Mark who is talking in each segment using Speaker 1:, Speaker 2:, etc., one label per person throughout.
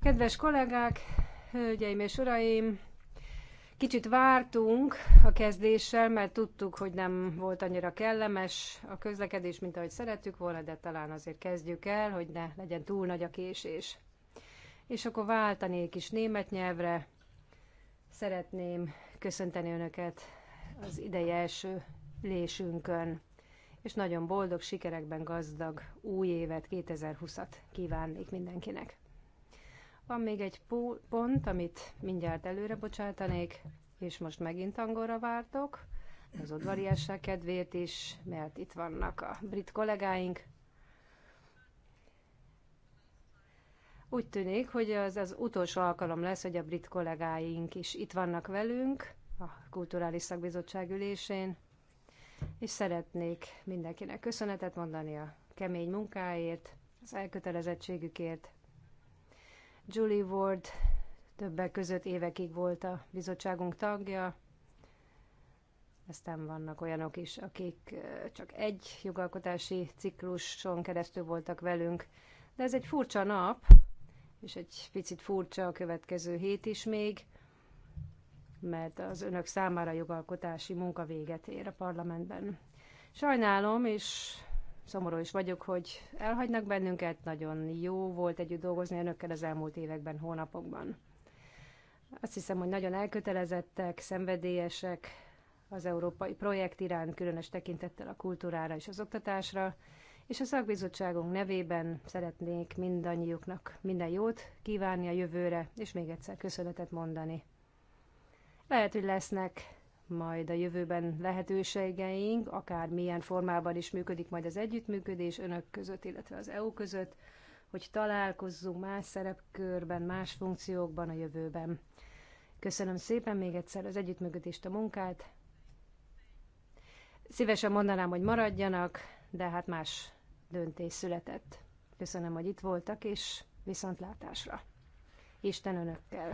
Speaker 1: Kedves kollégák, hölgyeim és uraim, kicsit vártunk a kezdéssel, mert tudtuk, hogy nem volt annyira kellemes a közlekedés, mint ahogy szerettük volna, de talán azért kezdjük el, hogy ne legyen túl nagy a késés. És akkor váltanék is német nyelvre. Szeretném köszönteni Önöket az idei első lésünkön és nagyon boldog, sikerekben gazdag új évet, 2020-at kívánnék mindenkinek. Van még egy pont, amit mindjárt előre bocsátanék, és most megint angolra vártok, az udvariasság kedvéért is, mert itt vannak a brit kollégáink. Úgy tűnik, hogy az az utolsó alkalom lesz, hogy a brit kollégáink is itt vannak velünk a Kulturális Szakbizottság ülésén és szeretnék mindenkinek köszönetet mondani a kemény munkáért, az elkötelezettségükért. Julie Ward többek között évekig volt a bizottságunk tagja, aztán vannak olyanok is, akik csak egy jogalkotási cikluson keresztül voltak velünk, de ez egy furcsa nap, és egy picit furcsa a következő hét is még, mert az önök számára jogalkotási munka véget ér a parlamentben. Sajnálom, és szomorú is vagyok, hogy elhagynak bennünket. Nagyon jó volt együtt dolgozni önökkel az elmúlt években, hónapokban. Azt hiszem, hogy nagyon elkötelezettek, szenvedélyesek az európai projekt iránt, különös tekintettel a kultúrára és az oktatásra, és a szakbizottságunk nevében szeretnék mindannyiuknak minden jót kívánni a jövőre, és még egyszer köszönetet mondani lehet, hogy lesznek majd a jövőben lehetőségeink, akár milyen formában is működik majd az együttműködés önök között, illetve az EU között, hogy találkozzunk más szerepkörben, más funkciókban a jövőben. Köszönöm szépen még egyszer az együttműködést, a munkát. Szívesen mondanám, hogy maradjanak, de hát más döntés született. Köszönöm, hogy itt voltak, és viszontlátásra. Isten önökkel!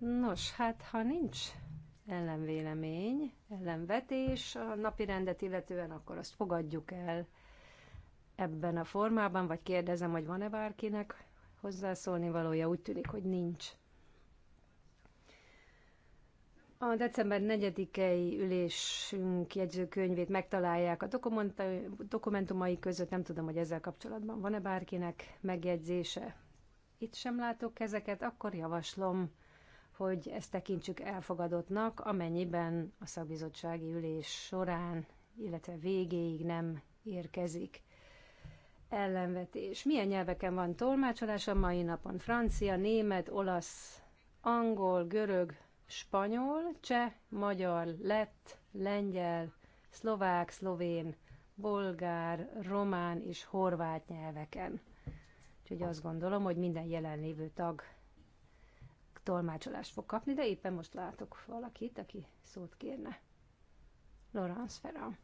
Speaker 1: Nos, hát ha nincs ellenvélemény, ellenvetés a napi rendet illetően, akkor azt fogadjuk el ebben a formában, vagy kérdezem, hogy van-e bárkinek hozzászólni valója, úgy tűnik, hogy nincs. A december 4-i ülésünk jegyzőkönyvét megtalálják a dokumentumai között. Nem tudom, hogy ezzel kapcsolatban van-e bárkinek megjegyzése itt sem látok kezeket, akkor javaslom, hogy ezt tekintsük elfogadottnak, amennyiben a szakbizottsági ülés során, illetve végéig nem érkezik ellenvetés. Milyen nyelveken van tolmácsolás a mai napon? Francia, német, olasz, angol, görög, spanyol, cseh, magyar, lett, lengyel, szlovák, szlovén, bolgár, román és horvát nyelveken. Úgyhogy azt gondolom, hogy minden jelenlévő tag tolmácsolást fog kapni, de éppen most látok valakit, aki szót kérne. Laurence Ferrand.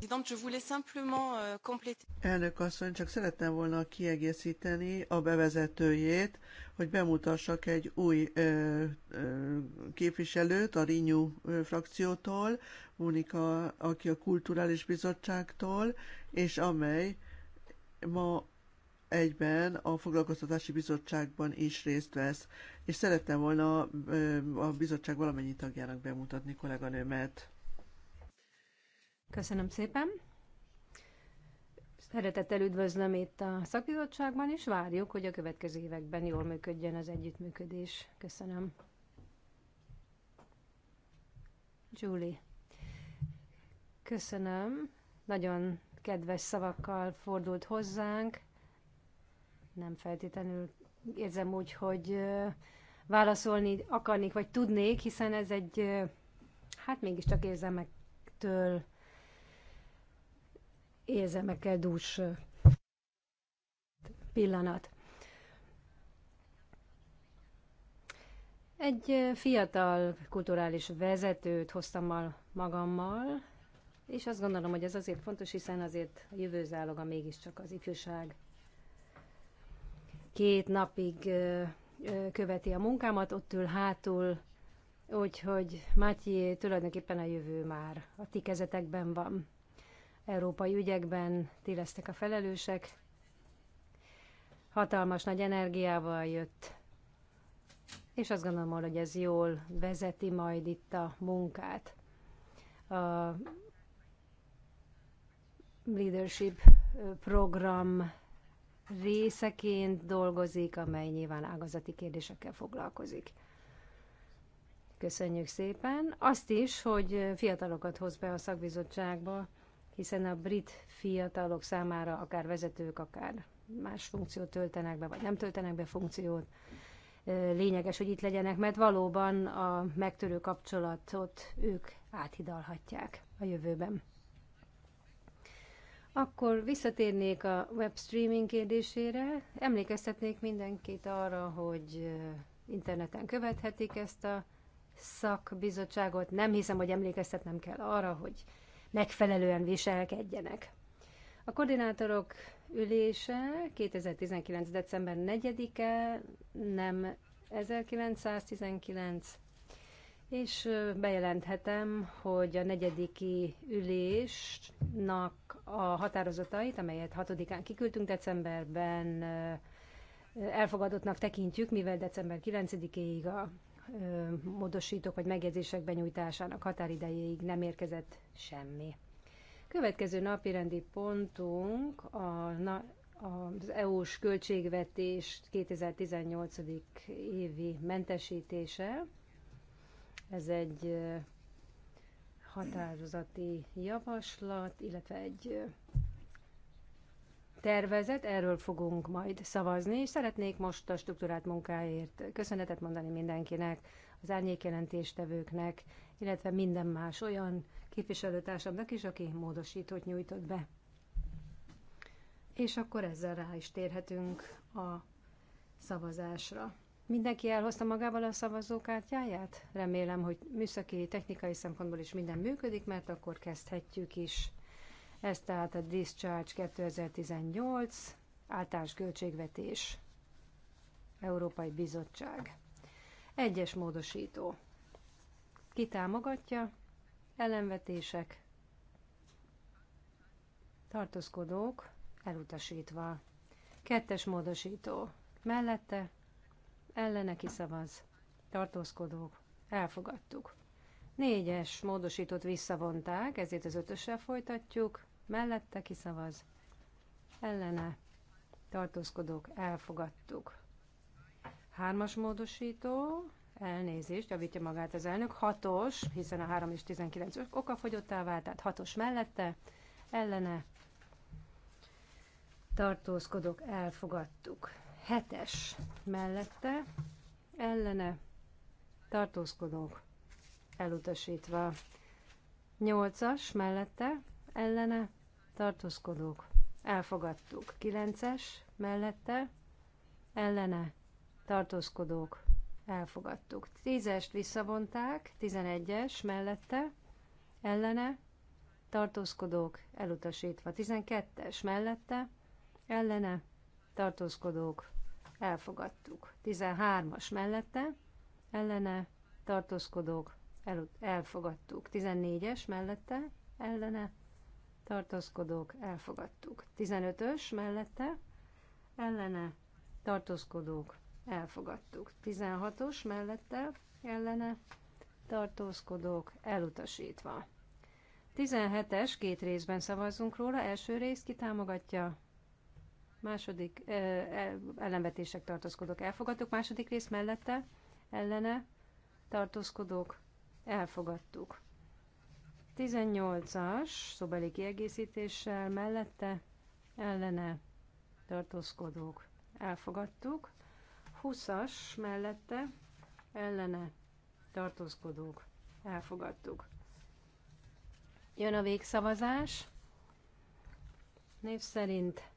Speaker 1: Euh, Elnök asszony,
Speaker 2: csak szerettem volna kiegészíteni a bevezetőjét, hogy bemutassak egy új ö, ö, képviselőt a Rinyú frakciótól, Monika, aki a Kulturális Bizottságtól, és amely ma egyben a Foglalkoztatási Bizottságban is részt vesz, és szerettem volna a bizottság valamennyi tagjának bemutatni kolléganőmet.
Speaker 1: Köszönöm szépen! Szeretettel üdvözlöm itt a szakbizottságban, és várjuk, hogy a következő években jól működjön az együttműködés. Köszönöm. Julie. Köszönöm. Nagyon kedves szavakkal fordult hozzánk nem feltétlenül érzem úgy, hogy válaszolni akarnék, vagy tudnék, hiszen ez egy, hát mégiscsak érzelmektől, érzelmekkel dús pillanat. Egy fiatal kulturális vezetőt hoztam magammal, és azt gondolom, hogy ez azért fontos, hiszen azért a jövő záloga mégiscsak az ifjúság két napig követi a munkámat, ott ül hátul, úgyhogy Matyi tulajdonképpen a jövő már a ti kezetekben van. Európai ügyekben ti lesztek a felelősek. Hatalmas nagy energiával jött, és azt gondolom, hogy ez jól vezeti majd itt a munkát. A leadership program részeként dolgozik, amely nyilván ágazati kérdésekkel foglalkozik. Köszönjük szépen. Azt is, hogy fiatalokat hoz be a szakbizottságba, hiszen a brit fiatalok számára akár vezetők, akár más funkciót töltenek be, vagy nem töltenek be funkciót. Lényeges, hogy itt legyenek, mert valóban a megtörő kapcsolatot ők áthidalhatják a jövőben. Akkor visszatérnék a webstreaming kérdésére. Emlékeztetnék mindenkit arra, hogy interneten követhetik ezt a szakbizottságot. Nem hiszem, hogy emlékeztetnem kell arra, hogy megfelelően viselkedjenek. A koordinátorok ülése 2019. december 4-e, nem 1919, és bejelenthetem, hogy a negyediki ülésnak a határozatait, amelyet 6-án kiküldtünk decemberben, elfogadottnak tekintjük, mivel december 9-éig a módosítók vagy megjegyzések benyújtásának határidejéig nem érkezett semmi. Következő napi rendi pontunk a, na, az EU-s költségvetés 2018. évi mentesítése. Ez egy határozati javaslat, illetve egy tervezet, erről fogunk majd szavazni, és szeretnék most a struktúrát munkáért köszönetet mondani mindenkinek, az árnyékjelentéstevőknek, illetve minden más olyan képviselőtársamnak is, aki módosítót nyújtott be. És akkor ezzel rá is térhetünk a szavazásra. Mindenki elhozta magával a szavazókártyáját? Remélem, hogy műszaki, technikai szempontból is minden működik, mert akkor kezdhetjük is. Ez tehát a Discharge 2018, általános költségvetés, Európai Bizottság. Egyes módosító. Ki támogatja? Ellenvetések. Tartózkodók elutasítva. Kettes módosító. Mellette ellene kiszavaz, tartózkodók, elfogadtuk. Négyes módosított visszavonták, ezért az ötössel folytatjuk, mellette kiszavaz, ellene, tartózkodók, elfogadtuk. Hármas módosító, elnézést, javítja magát az elnök, hatos, hiszen a 3 és 19 fogyottá vált, tehát hatos mellette, ellene, tartózkodók, elfogadtuk. Hetes mellette ellene tartózkodók elutasítva. Nyolcas mellette ellene tartózkodók elfogadtuk. Kilences mellette ellene tartózkodók elfogadtuk. Tízest visszavonták, tizenegyes mellette ellene tartózkodók elutasítva. Tizenkettes mellette ellene tartózkodók elfogadtuk. 13-as mellette, ellene, tartózkodók, el, elfogadtuk. 14-es mellette, ellene, tartózkodók, elfogadtuk. 15-ös mellette, ellene, tartózkodók, elfogadtuk. 16-os mellette, ellene, tartózkodók, elutasítva. 17-es, két részben szavazzunk róla, első rész kitámogatja, Második e, ellenvetések tartózkodók elfogadtuk. Második rész mellette ellene tartózkodók elfogadtuk. 18-as szobeli kiegészítéssel mellette ellene tartózkodók elfogadtuk. 20-as mellette ellene tartózkodók elfogadtuk. Jön a végszavazás. Név szerint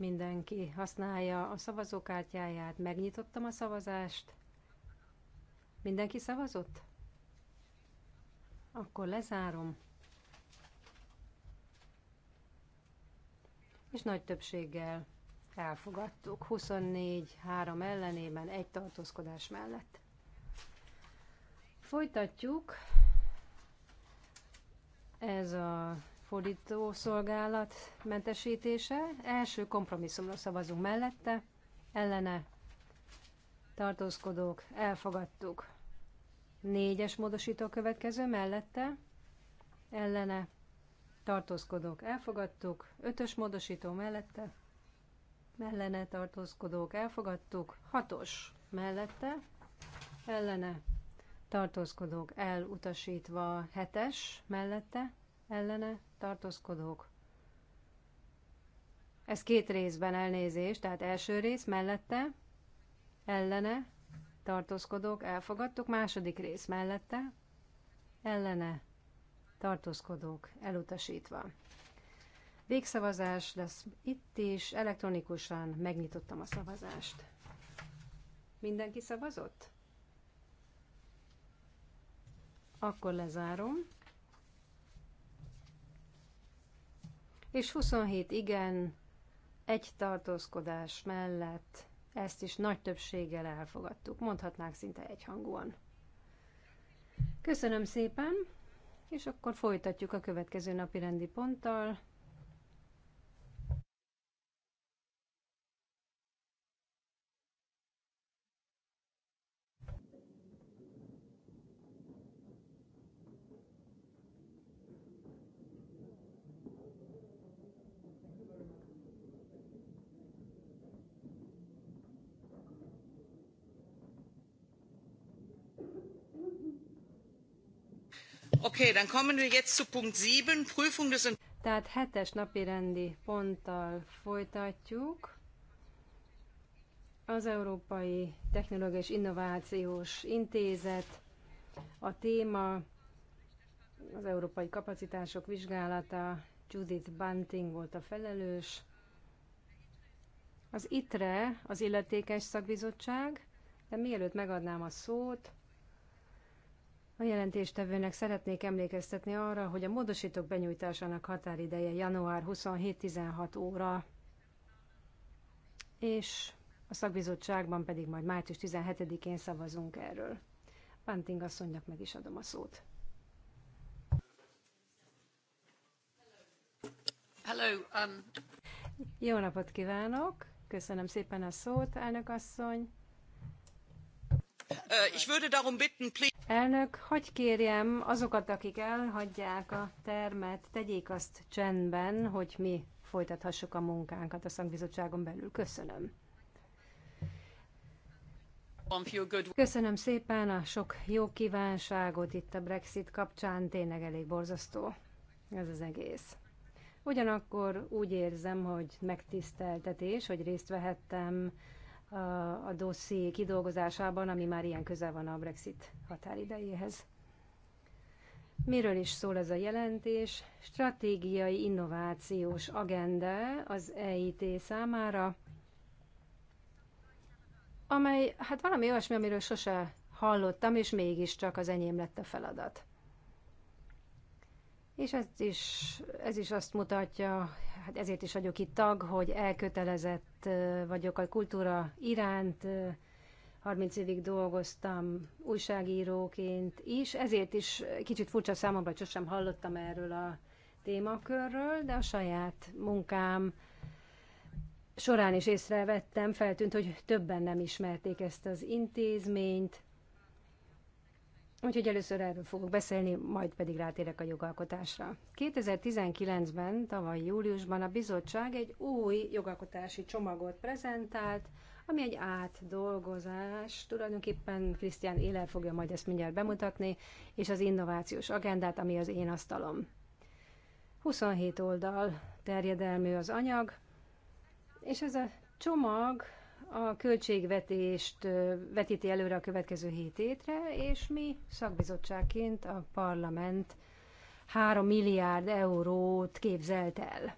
Speaker 1: Mindenki használja a szavazókártyáját. Megnyitottam a szavazást. Mindenki szavazott? Akkor lezárom. És nagy többséggel elfogadtuk. 24-3 ellenében egy tartózkodás mellett. Folytatjuk. Ez a fordítószolgálat mentesítése. Első kompromisszumra szavazunk mellette, ellene tartózkodók, elfogadtuk. Négyes módosító következő mellette, ellene tartózkodók, elfogadtuk. Ötös módosító mellette, ellene tartózkodók, elfogadtuk. Hatos mellette, ellene tartózkodók, elutasítva. Hetes mellette, ellene tartózkodók. Ez két részben elnézés, tehát első rész mellette, ellene tartózkodók, elfogadtuk, második rész mellette, ellene tartózkodók, elutasítva. Végszavazás lesz itt is, elektronikusan megnyitottam a szavazást. Mindenki szavazott? Akkor lezárom. és 27 igen, egy tartózkodás mellett ezt is nagy többséggel elfogadtuk, mondhatnánk szinte egyhangúan. Köszönöm szépen, és akkor folytatjuk a következő napi rendi ponttal.
Speaker 2: Okay, dann kommen wir jetzt zu Punkt 7, Prüfung des...
Speaker 1: Tehát hetes napi rendi ponttal folytatjuk. Az Európai Technológiai és Innovációs Intézet a téma az európai kapacitások vizsgálata, Judith Bunting volt a felelős. Az ITRE, az illetékes szakbizottság, de mielőtt megadnám a szót, a jelentéstevőnek szeretnék emlékeztetni arra, hogy a módosítók benyújtásának határideje január 27-16 óra, és a szakbizottságban pedig majd március 17-én szavazunk erről. Panting asszonynak meg is adom a szót. Hello, um... Jó napot kívánok! Köszönöm szépen a szót, elnök asszony. Uh, ich würde darum bitten, please... Elnök, hogy kérjem azokat, akik elhagyják a termet, tegyék azt csendben, hogy mi folytathassuk a munkánkat a szakbizottságon belül. Köszönöm. Köszönöm szépen a sok jó kívánságot itt a Brexit kapcsán, tényleg elég borzasztó ez az egész. Ugyanakkor úgy érzem, hogy megtiszteltetés, hogy részt vehettem a dosszi kidolgozásában, ami már ilyen közel van a Brexit határidejéhez. Miről is szól ez a jelentés? Stratégiai innovációs agenda az EIT számára, amely hát valami olyasmi, amiről sose hallottam, és mégiscsak az enyém lett a feladat és ez is, ez is azt mutatja, hát ezért is vagyok itt tag, hogy elkötelezett vagyok a kultúra iránt, 30 évig dolgoztam újságíróként is, ezért is kicsit furcsa számomra, hogy sosem hallottam erről a témakörről, de a saját munkám során is észrevettem, feltűnt, hogy többen nem ismerték ezt az intézményt, Úgyhogy először erről fogok beszélni, majd pedig rátérek a jogalkotásra. 2019-ben, tavaly júliusban a bizottság egy új jogalkotási csomagot prezentált, ami egy átdolgozás, tulajdonképpen Krisztián Éler fogja majd ezt mindjárt bemutatni, és az innovációs agendát, ami az én asztalom. 27 oldal terjedelmű az anyag, és ez a csomag a költségvetést vetíti előre a következő hét étre, és mi szakbizottságként a parlament 3 milliárd eurót képzelt el,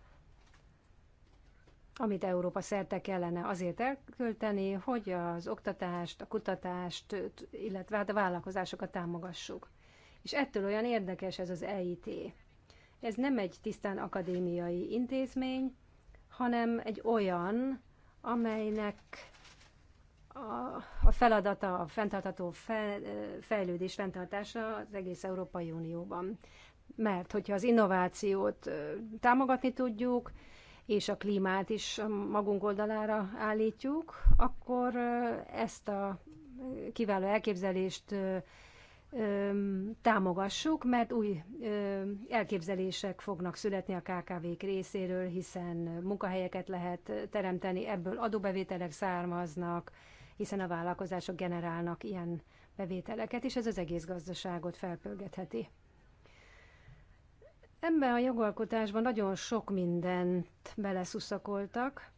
Speaker 1: amit Európa szerte kellene azért elkölteni, hogy az oktatást, a kutatást, illetve hát a vállalkozásokat támogassuk. És ettől olyan érdekes ez az EIT. Ez nem egy tisztán akadémiai intézmény, hanem egy olyan, amelynek a, a feladata a fenntartató fel, fejlődés fenntartása az egész Európai Unióban. Mert hogyha az innovációt támogatni tudjuk, és a klímát is magunk oldalára állítjuk, akkor ezt a kiváló elképzelést támogassuk, mert új elképzelések fognak születni a KKV-k részéről, hiszen munkahelyeket lehet teremteni, ebből adóbevételek származnak, hiszen a vállalkozások generálnak ilyen bevételeket, és ez az egész gazdaságot felpörgetheti. Ebben a jogalkotásban nagyon sok mindent beleszuszakoltak,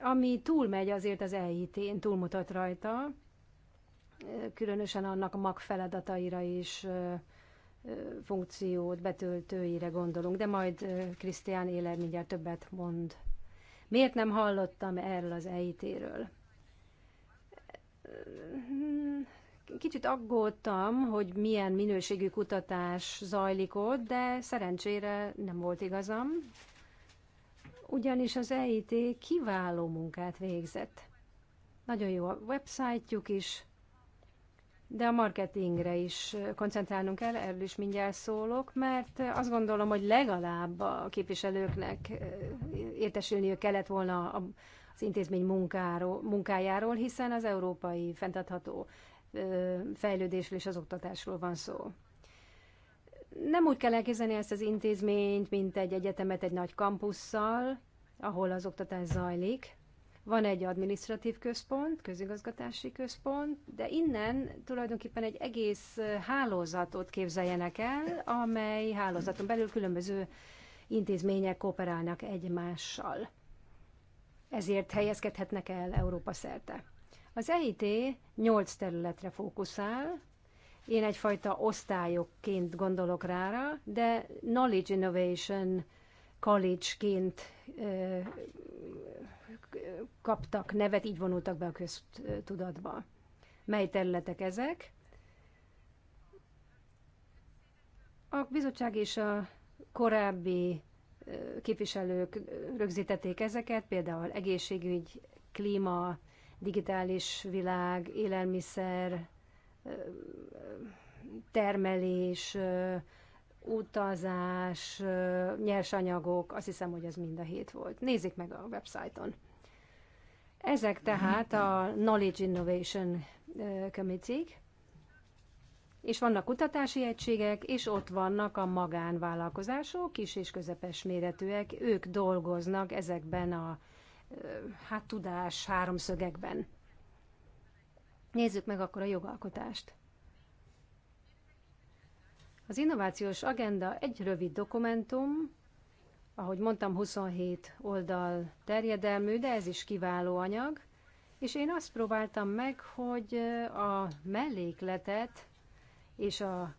Speaker 1: ami túlmegy azért az EIT-n, túlmutat rajta, különösen annak magfeladataira is funkciót betöltőire gondolunk, de majd Krisztián Éler mindjárt többet mond. Miért nem hallottam erről az EIT-ről? Kicsit aggódtam, hogy milyen minőségű kutatás zajlik ott, de szerencsére nem volt igazam, ugyanis az EIT kiváló munkát végzett. Nagyon jó a websájtjuk is, de a marketingre is koncentrálnunk kell, erről is mindjárt szólok, mert azt gondolom, hogy legalább a képviselőknek eh, értesülniük kellett volna az intézmény munkáról, munkájáról, hiszen az európai fenntartható eh, fejlődésről és az oktatásról van szó. Nem úgy kell elképzelni ezt az intézményt, mint egy egyetemet egy nagy kampusszal, ahol az oktatás zajlik, van egy administratív központ, közigazgatási központ, de innen tulajdonképpen egy egész hálózatot képzeljenek el, amely hálózaton belül különböző intézmények kooperálnak egymással. Ezért helyezkedhetnek el Európa szerte. Az EIT 8 területre fókuszál, én egyfajta osztályokként gondolok rára, de Knowledge Innovation College-ként kaptak nevet, így vonultak be a köztudatba. Mely területek ezek? A bizottság és a korábbi képviselők rögzítették ezeket, például egészségügy, klíma, digitális világ, élelmiszer, termelés, utazás, nyersanyagok, azt hiszem, hogy ez mind a hét volt. Nézzék meg a websájton. Ezek tehát a Knowledge Innovation committee és vannak kutatási egységek, és ott vannak a magánvállalkozások, kis és közepes méretűek, ők dolgoznak ezekben a hát tudás háromszögekben. Nézzük meg akkor a jogalkotást. Az innovációs agenda egy rövid dokumentum, ahogy mondtam, 27 oldal terjedelmű, de ez is kiváló anyag. És én azt próbáltam meg, hogy a mellékletet és a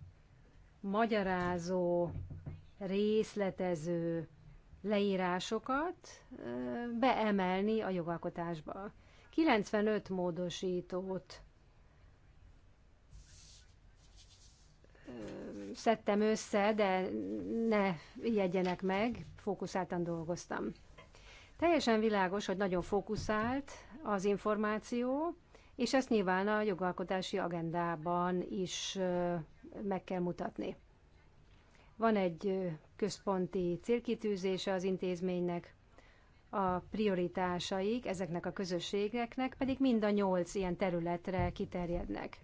Speaker 1: magyarázó, részletező leírásokat beemelni a jogalkotásba. 95 módosítót szedtem össze, de ne jegyenek meg, fókuszáltan dolgoztam. Teljesen világos, hogy nagyon fókuszált az információ, és ezt nyilván a jogalkotási agendában is meg kell mutatni. Van egy központi célkitűzése az intézménynek, a prioritásaik ezeknek a közösségeknek pedig mind a nyolc ilyen területre kiterjednek.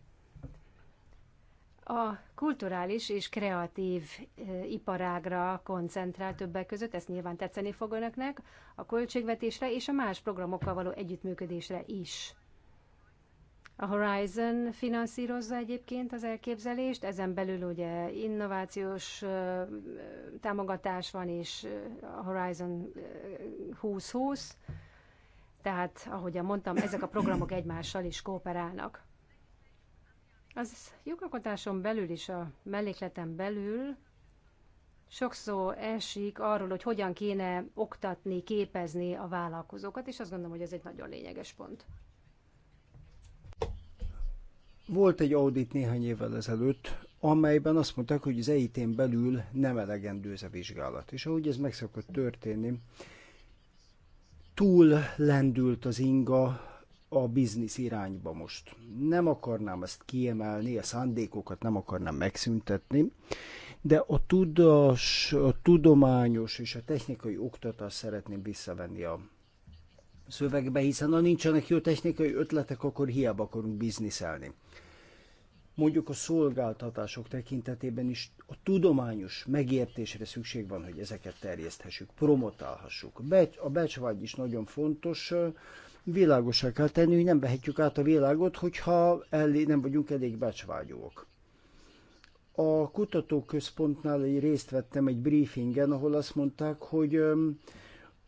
Speaker 1: A kulturális és kreatív iparágra koncentrál többek között, ezt nyilván tetszeni fog önöknek, a költségvetésre és a más programokkal való együttműködésre is. A Horizon finanszírozza egyébként az elképzelést, ezen belül ugye innovációs támogatás van, és a Horizon 2020, tehát ahogyan mondtam, ezek a programok egymással is kooperálnak. Az jogalkotáson belül is, a mellékleten belül Sokszor esik arról, hogy hogyan kéne oktatni, képezni a vállalkozókat, és azt gondolom, hogy ez egy nagyon lényeges pont.
Speaker 3: Volt egy audit néhány évvel ezelőtt, amelyben azt mondták, hogy az eit belül nem elegendő ez a vizsgálat. És ahogy ez meg szokott történni, túl lendült az inga, a biznisz irányba most. Nem akarnám ezt kiemelni, a szándékokat nem akarnám megszüntetni, de a, tudás, a tudományos és a technikai oktatást szeretném visszavenni a szövegbe, hiszen ha nincsenek jó technikai ötletek, akkor hiába akarunk bizniszelni. Mondjuk a szolgáltatások tekintetében is a tudományos megértésre szükség van, hogy ezeket terjeszthessük, promotálhassuk. A becsvágy is nagyon fontos, világosá kell tenni, hogy nem vehetjük át a világot, hogyha elé, nem vagyunk elég becsvágyók. A kutatóközpontnál részt vettem egy briefingen, ahol azt mondták, hogy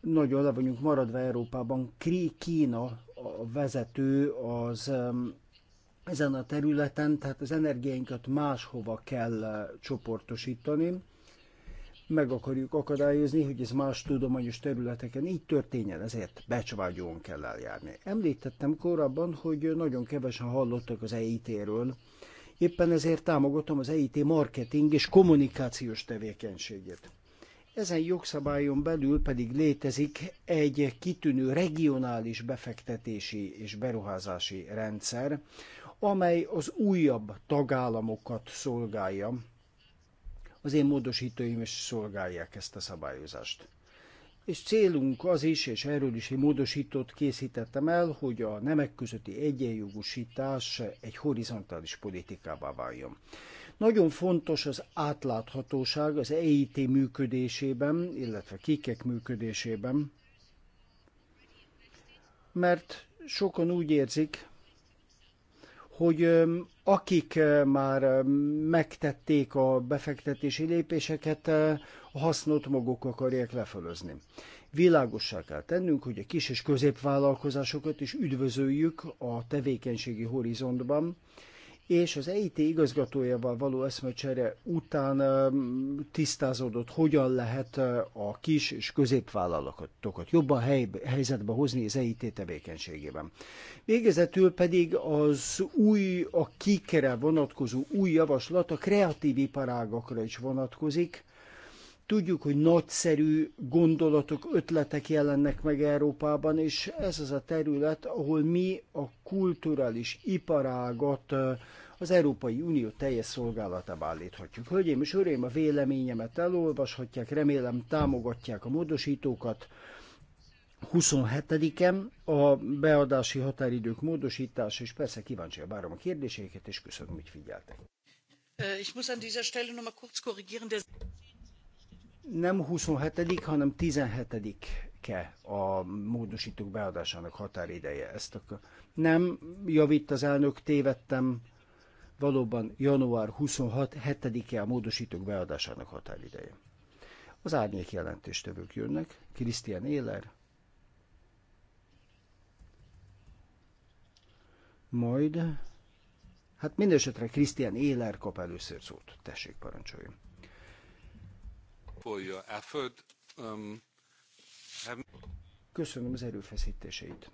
Speaker 3: nagyon le vagyunk maradva Európában. Kína a vezető az ezen a területen, tehát az energiánkat máshova kell csoportosítani meg akarjuk akadályozni, hogy ez más tudományos területeken így történjen, ezért becsvágyóan kell eljárni. Említettem korábban, hogy nagyon kevesen hallottak az EIT-ről, éppen ezért támogatom az EIT marketing és kommunikációs tevékenységét. Ezen jogszabályon belül pedig létezik egy kitűnő regionális befektetési és beruházási rendszer, amely az újabb tagállamokat szolgálja, az én módosítóim is szolgálják ezt a szabályozást. És célunk az is, és erről is egy módosítót készítettem el, hogy a nemek közötti egyenjogosítás egy horizontális politikává váljon. Nagyon fontos az átláthatóság az EIT működésében, illetve kikek működésében, mert sokan úgy érzik, hogy akik már megtették a befektetési lépéseket, a hasznot maguk akarják lefölözni. Világossá kell tennünk, hogy a kis és középvállalkozásokat is üdvözöljük a tevékenységi horizontban, és az EIT igazgatójával való eszmecsere után um, tisztázódott, hogyan lehet uh, a kis és középvállalatokat jobban hely, helyzetbe hozni az EIT tevékenységében. Végezetül pedig az új, a kikere vonatkozó új javaslat a kreatív iparágakra is vonatkozik, Tudjuk, hogy nagyszerű gondolatok, ötletek jelennek meg Európában, és ez az a terület, ahol mi a kulturális iparágat eh, az Európai Unió teljes szolgálatába állíthatjuk. Hölgyeim és uraim, a véleményemet elolvashatják, remélem támogatják a módosítókat. 27-en a beadási határidők módosítás, és persze kíváncsi várom a kérdéseiket, és köszönöm, hogy figyeltek nem 27 hanem 17 ke a módosítók beadásának határideje. Ezt a... Nem javít az elnök, tévedtem. Valóban január 26 7-e a módosítók beadásának határideje. Az árnyék jelentéstevők jönnek. Krisztián Éler, majd, hát mindesetre Krisztián Éler kap először szót. Tessék, parancsoljon
Speaker 1: for your effort. Um, have... Hát-
Speaker 3: Köszönöm az erőfeszítéseit.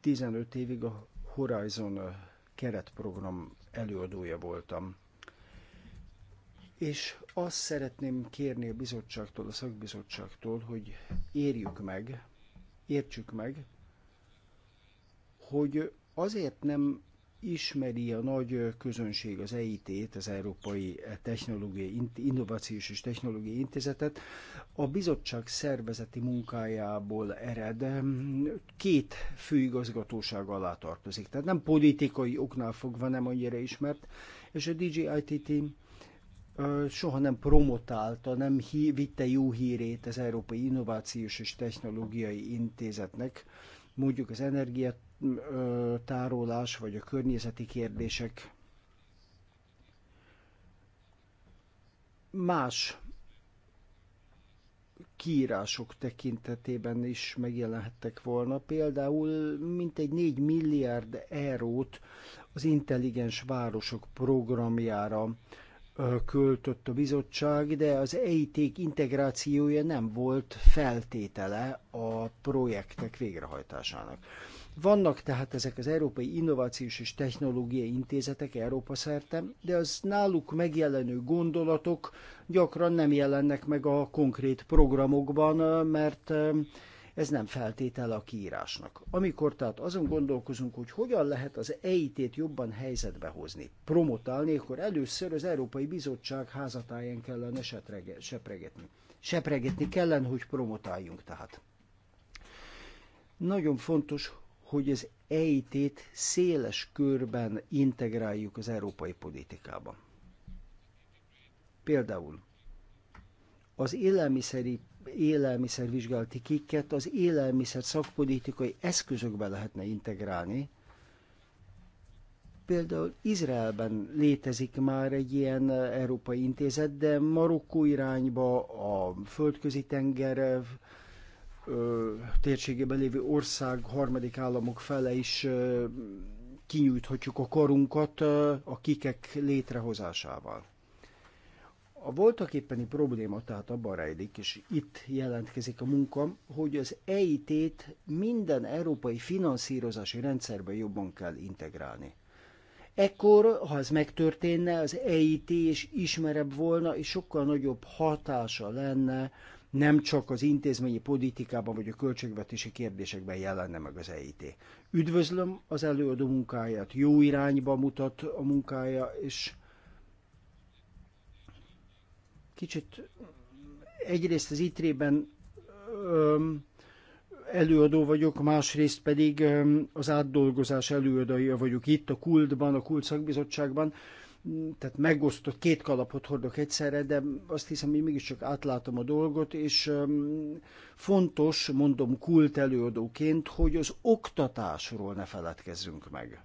Speaker 3: 15 évig a Horizon uh, keretprogram előadója voltam. És azt szeretném kérni a bizottságtól, a szakbizottságtól, hogy érjük meg, értsük meg, hogy azért nem ismeri a nagy közönség az EIT-t, az Európai e, Technológiai Innovációs és Technológiai Intézetet, a bizottság szervezeti munkájából ered, két főigazgatóság alá tartozik. Tehát nem politikai oknál fogva nem annyira ismert, és a DJIT soha nem promotálta, nem hí, vitte jó hírét az Európai Innovációs és Technológiai Intézetnek, mondjuk az energiát tárolás, vagy a környezeti kérdések más kiírások tekintetében is megjelenhettek volna. Például mintegy 4 milliárd eurót az intelligens városok programjára költött a bizottság, de az EIT integrációja nem volt feltétele a projektek végrehajtásának. Vannak tehát ezek az Európai Innovációs és Technológiai Intézetek Európa szerte, de az náluk megjelenő gondolatok gyakran nem jelennek meg a konkrét programokban, mert eh, ez nem feltétele a kiírásnak. Amikor tehát azon gondolkozunk, hogy hogyan lehet az EIT-t jobban helyzetbe hozni, promotálni, akkor először az Európai Bizottság házatáján kellene seprege, sepregetni. Sepregetni kellene, hogy promotáljunk tehát. Nagyon fontos, hogy az EIT-t széles körben integráljuk az európai politikába. Például az élelmiszeri élelmiszervizsgálati kikket az élelmiszer szakpolitikai eszközökbe lehetne integrálni. Például Izraelben létezik már egy ilyen e, európai intézet, de Marokkó irányba, a földközi tenger ö, térségében lévő ország, harmadik államok fele is ö, kinyújthatjuk a karunkat ö, a kikek létrehozásával. A voltak éppeni probléma tehát abban rejlik, és itt jelentkezik a munka, hogy az EIT-t minden európai finanszírozási rendszerbe jobban kell integrálni. Ekkor, ha ez megtörténne, az EIT is ismerebb volna, és sokkal nagyobb hatása lenne nem csak az intézményi politikában vagy a költségvetési kérdésekben jelenne meg az EIT. Üdvözlöm az előadó munkáját, jó irányba mutat a munkája, és kicsit egyrészt az ITRE-ben előadó vagyok, másrészt pedig az átdolgozás előadója vagyok itt a Kultban, a Kult szakbizottságban tehát megosztott két kalapot hordok egyszerre, de azt hiszem, hogy mégiscsak átlátom a dolgot, és fontos, mondom kult előadóként, hogy az oktatásról ne feledkezzünk meg.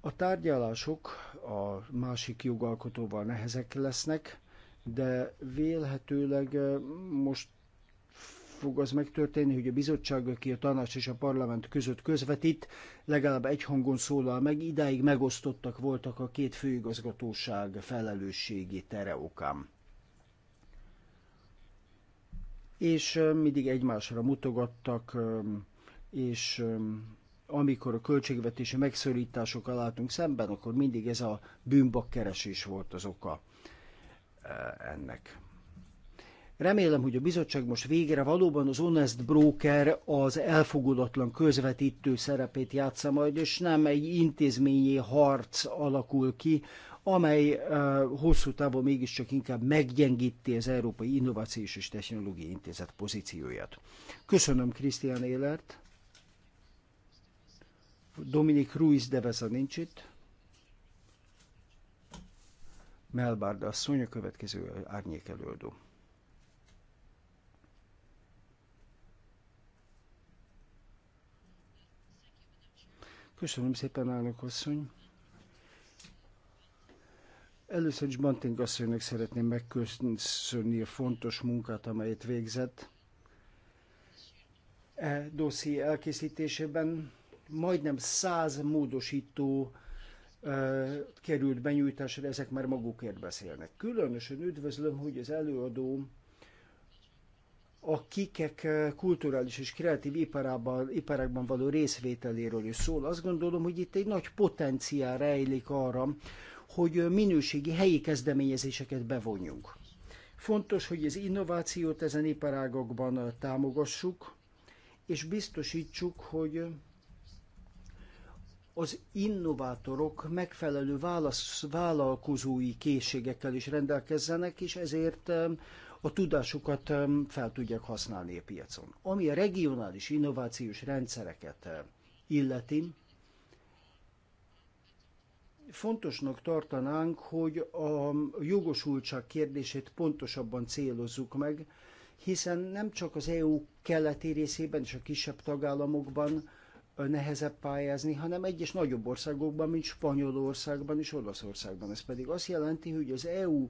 Speaker 3: A tárgyalások a másik jogalkotóval nehezek lesznek, de vélhetőleg most fog az megtörténni, hogy a bizottság, aki a tanács és a parlament között közvetít, legalább egy hangon szólal meg, idáig megosztottak voltak a két főigazgatóság felelősségi tere okán. És mindig egymásra mutogattak, és amikor a költségvetési megszorításokkal álltunk szemben, akkor mindig ez a bűnbakkeresés volt az oka ennek. Remélem, hogy a bizottság most végre valóban az honest broker, az elfogadatlan közvetítő szerepét játsza majd, és nem egy intézményi harc alakul ki, amely uh, hosszú távon mégiscsak inkább meggyengíti az Európai Innovációs és Technológiai Intézet pozícióját. Köszönöm Krisztián Élert. Dominik Ruiz Deveza nincs itt. Melbárda asszony a következő árnyék előadó. Köszönöm szépen, elnök asszony. Először is Banting asszonynak szeretném megköszönni a fontos munkát, amelyet végzett. E dosszi elkészítésében majdnem száz módosító e, került benyújtásra, ezek már magukért beszélnek. Különösen üdvözlöm, hogy az előadó a kikek kulturális és kreatív iparában, iparákban való részvételéről is szól. Azt gondolom, hogy itt egy nagy potenciál rejlik arra, hogy minőségi helyi kezdeményezéseket bevonjunk. Fontos, hogy az innovációt ezen iparágokban támogassuk, és biztosítsuk, hogy az innovátorok megfelelő válasz, vállalkozói készségekkel is rendelkezzenek, és ezért a tudásukat fel tudják használni a piacon. Ami a regionális innovációs rendszereket illeti, fontosnak tartanánk, hogy a jogosultság kérdését pontosabban célozzuk meg, hiszen nem csak az EU keleti részében és a kisebb tagállamokban nehezebb pályázni, hanem egyes nagyobb országokban, mint Spanyolországban és Olaszországban. Ez pedig azt jelenti, hogy az EU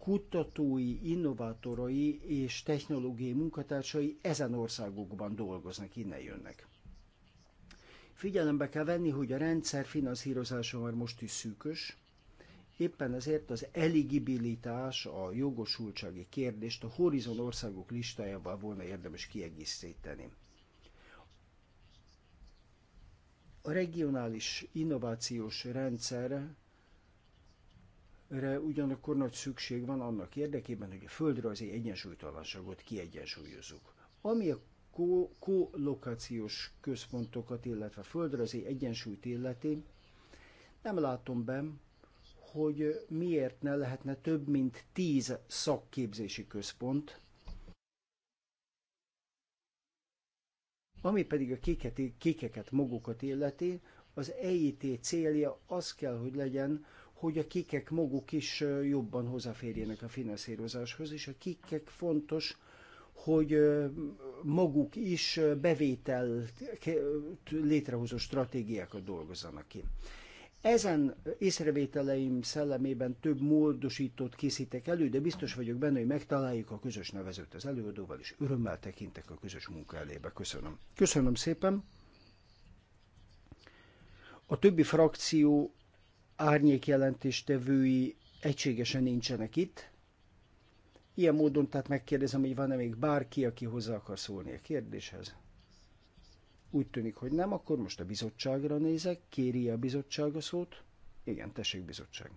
Speaker 3: kutatói, innovátorai és technológiai munkatársai ezen országokban dolgoznak, innen jönnek. Figyelembe kell venni, hogy a rendszer finanszírozása már most is szűkös, éppen ezért az eligibilitás, a jogosultsági kérdést a Horizon országok listájával volna érdemes kiegészíteni. A regionális innovációs rendszer ugyanakkor nagy szükség van annak érdekében, hogy a földrajzi egyensúlytalanságot kiegyensúlyozzuk. Ami a kolokációs központokat, illetve földrajzi egyensúlyt illeti, nem látom be, hogy miért ne lehetne több mint tíz szakképzési központ, Ami pedig a kéket, kékeket magukat illeti, az EIT célja az kell, hogy legyen, hogy a kikek maguk is jobban hozzáférjenek a finanszírozáshoz, és a kikek fontos, hogy maguk is bevétel létrehozó stratégiákat dolgozzanak ki. Ezen észrevételeim szellemében több módosítót készítek elő, de biztos vagyok benne, hogy megtaláljuk a közös nevezőt az előadóval, és örömmel tekintek a közös munka elébe. Köszönöm. Köszönöm szépen. A többi frakció árnyék jelentéstevői egységesen nincsenek itt. Ilyen módon tehát megkérdezem, hogy van-e még bárki, aki hozzá akar szólni a kérdéshez. Úgy tűnik, hogy nem, akkor most a bizottságra nézek. Kéri a bizottság a szót? Igen, tessék bizottság.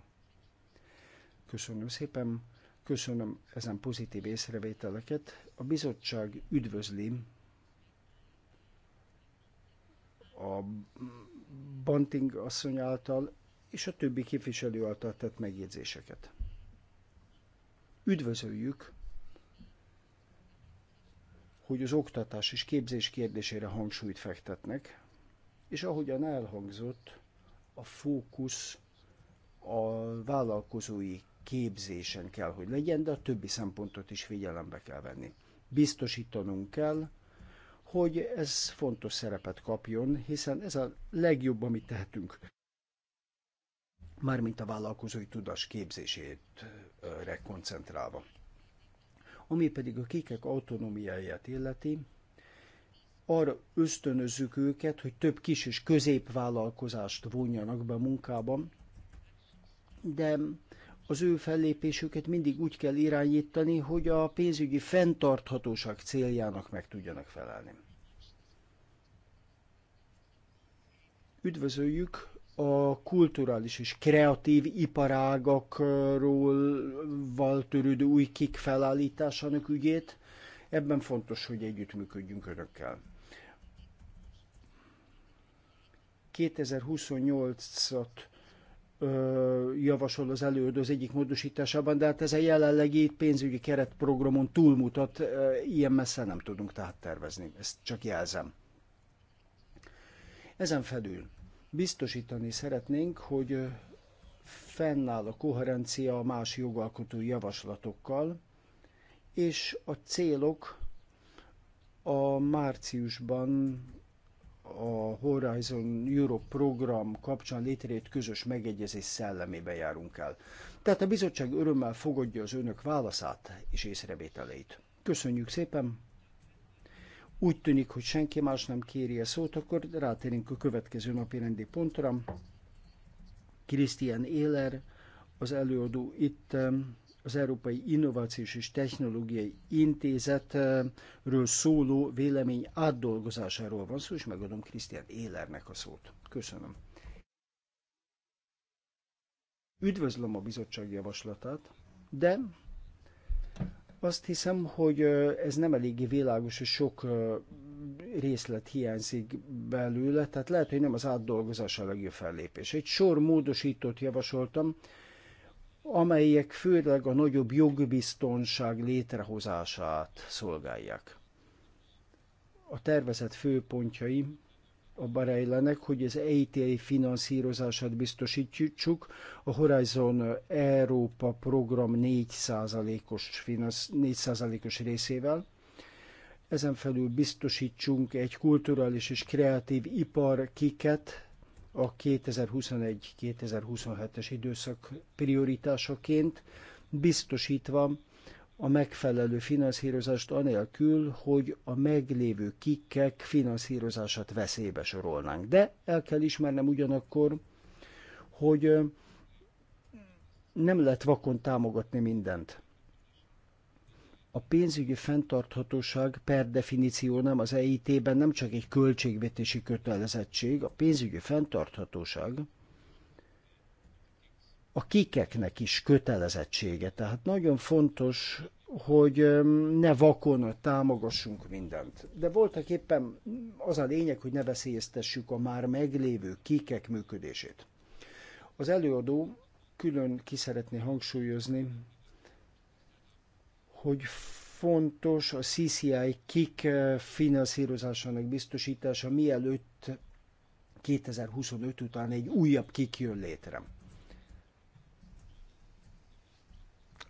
Speaker 3: Köszönöm szépen, köszönöm ezen pozitív észrevételeket. A bizottság üdvözli a Banting asszony által és a többi képviselő által tett megjegyzéseket. Üdvözöljük, hogy az oktatás és képzés kérdésére hangsúlyt fektetnek, és ahogyan elhangzott, a fókusz a vállalkozói képzésen kell, hogy legyen, de a többi szempontot is figyelembe kell venni. Biztosítanunk kell, hogy ez fontos szerepet kapjon, hiszen ez a legjobb, amit tehetünk mármint a vállalkozói tudás képzését koncentrálva. Ami pedig a kékek autonómiáját illeti, arra ösztönözzük őket, hogy több kis és középvállalkozást vonjanak be munkában, de az ő fellépésüket mindig úgy kell irányítani, hogy a pénzügyi fenntarthatóság céljának meg tudjanak felelni. Üdvözöljük a kulturális és kreatív iparágakról val törődő új kik felállításának ügyét. Ebben fontos, hogy együttműködjünk önökkel. 2028-at javasol az előadó az egyik módosításában, de hát ez a jelenlegi pénzügyi keretprogramon túlmutat, ilyen messze nem tudunk tehát tervezni, ezt csak jelzem. Ezen felül Biztosítani szeretnénk, hogy fennáll a koherencia a más jogalkotói javaslatokkal, és a célok a márciusban a Horizon Europe program kapcsán létrejött közös megegyezés szellemébe járunk el. Tehát a bizottság örömmel fogadja az önök válaszát és észrevételeit. Köszönjük szépen! Úgy tűnik, hogy senki más nem kéri a szót, akkor rátérünk a következő napi rendi pontra. Christian Éler, az előadó itt az Európai Innovációs és Technológiai Intézetről szóló vélemény átdolgozásáról van szó, és megadom Christian Élernek a szót. Köszönöm. Üdvözlöm a bizottság javaslatát, de azt hiszem, hogy ez nem eléggé világos, és sok részlet hiányzik belőle, tehát lehet, hogy nem az átdolgozás a legjobb fellépés. Egy sor módosítót javasoltam, amelyek főleg a nagyobb jogbiztonság létrehozását szolgálják. A tervezet főpontjai abban rejlenek, hogy az EIT finanszírozását biztosítsuk. A Horizon Európa program 4%-os, finansz, 4%-os részével. Ezen felül biztosítsunk egy kulturális és kreatív ipar kiket a 2021-2027-es időszak prioritásaként, biztosítva, a megfelelő finanszírozást anélkül, hogy a meglévő kikkek finanszírozását veszélybe sorolnánk. De el kell ismernem ugyanakkor, hogy nem lehet vakon támogatni mindent. A pénzügyi fenntarthatóság per definíció nem az EIT-ben nem csak egy költségvetési kötelezettség, a pénzügyi fenntarthatóság – a kikeknek is kötelezettsége. Tehát nagyon fontos, hogy ne vakon támogassunk mindent. De voltak éppen az a lényeg, hogy ne veszélyeztessük a már meglévő kikek működését. Az előadó külön ki szeretné hangsúlyozni, hogy fontos a CCI KIK finanszírozásának biztosítása, mielőtt 2025 után egy újabb KIK jön létre.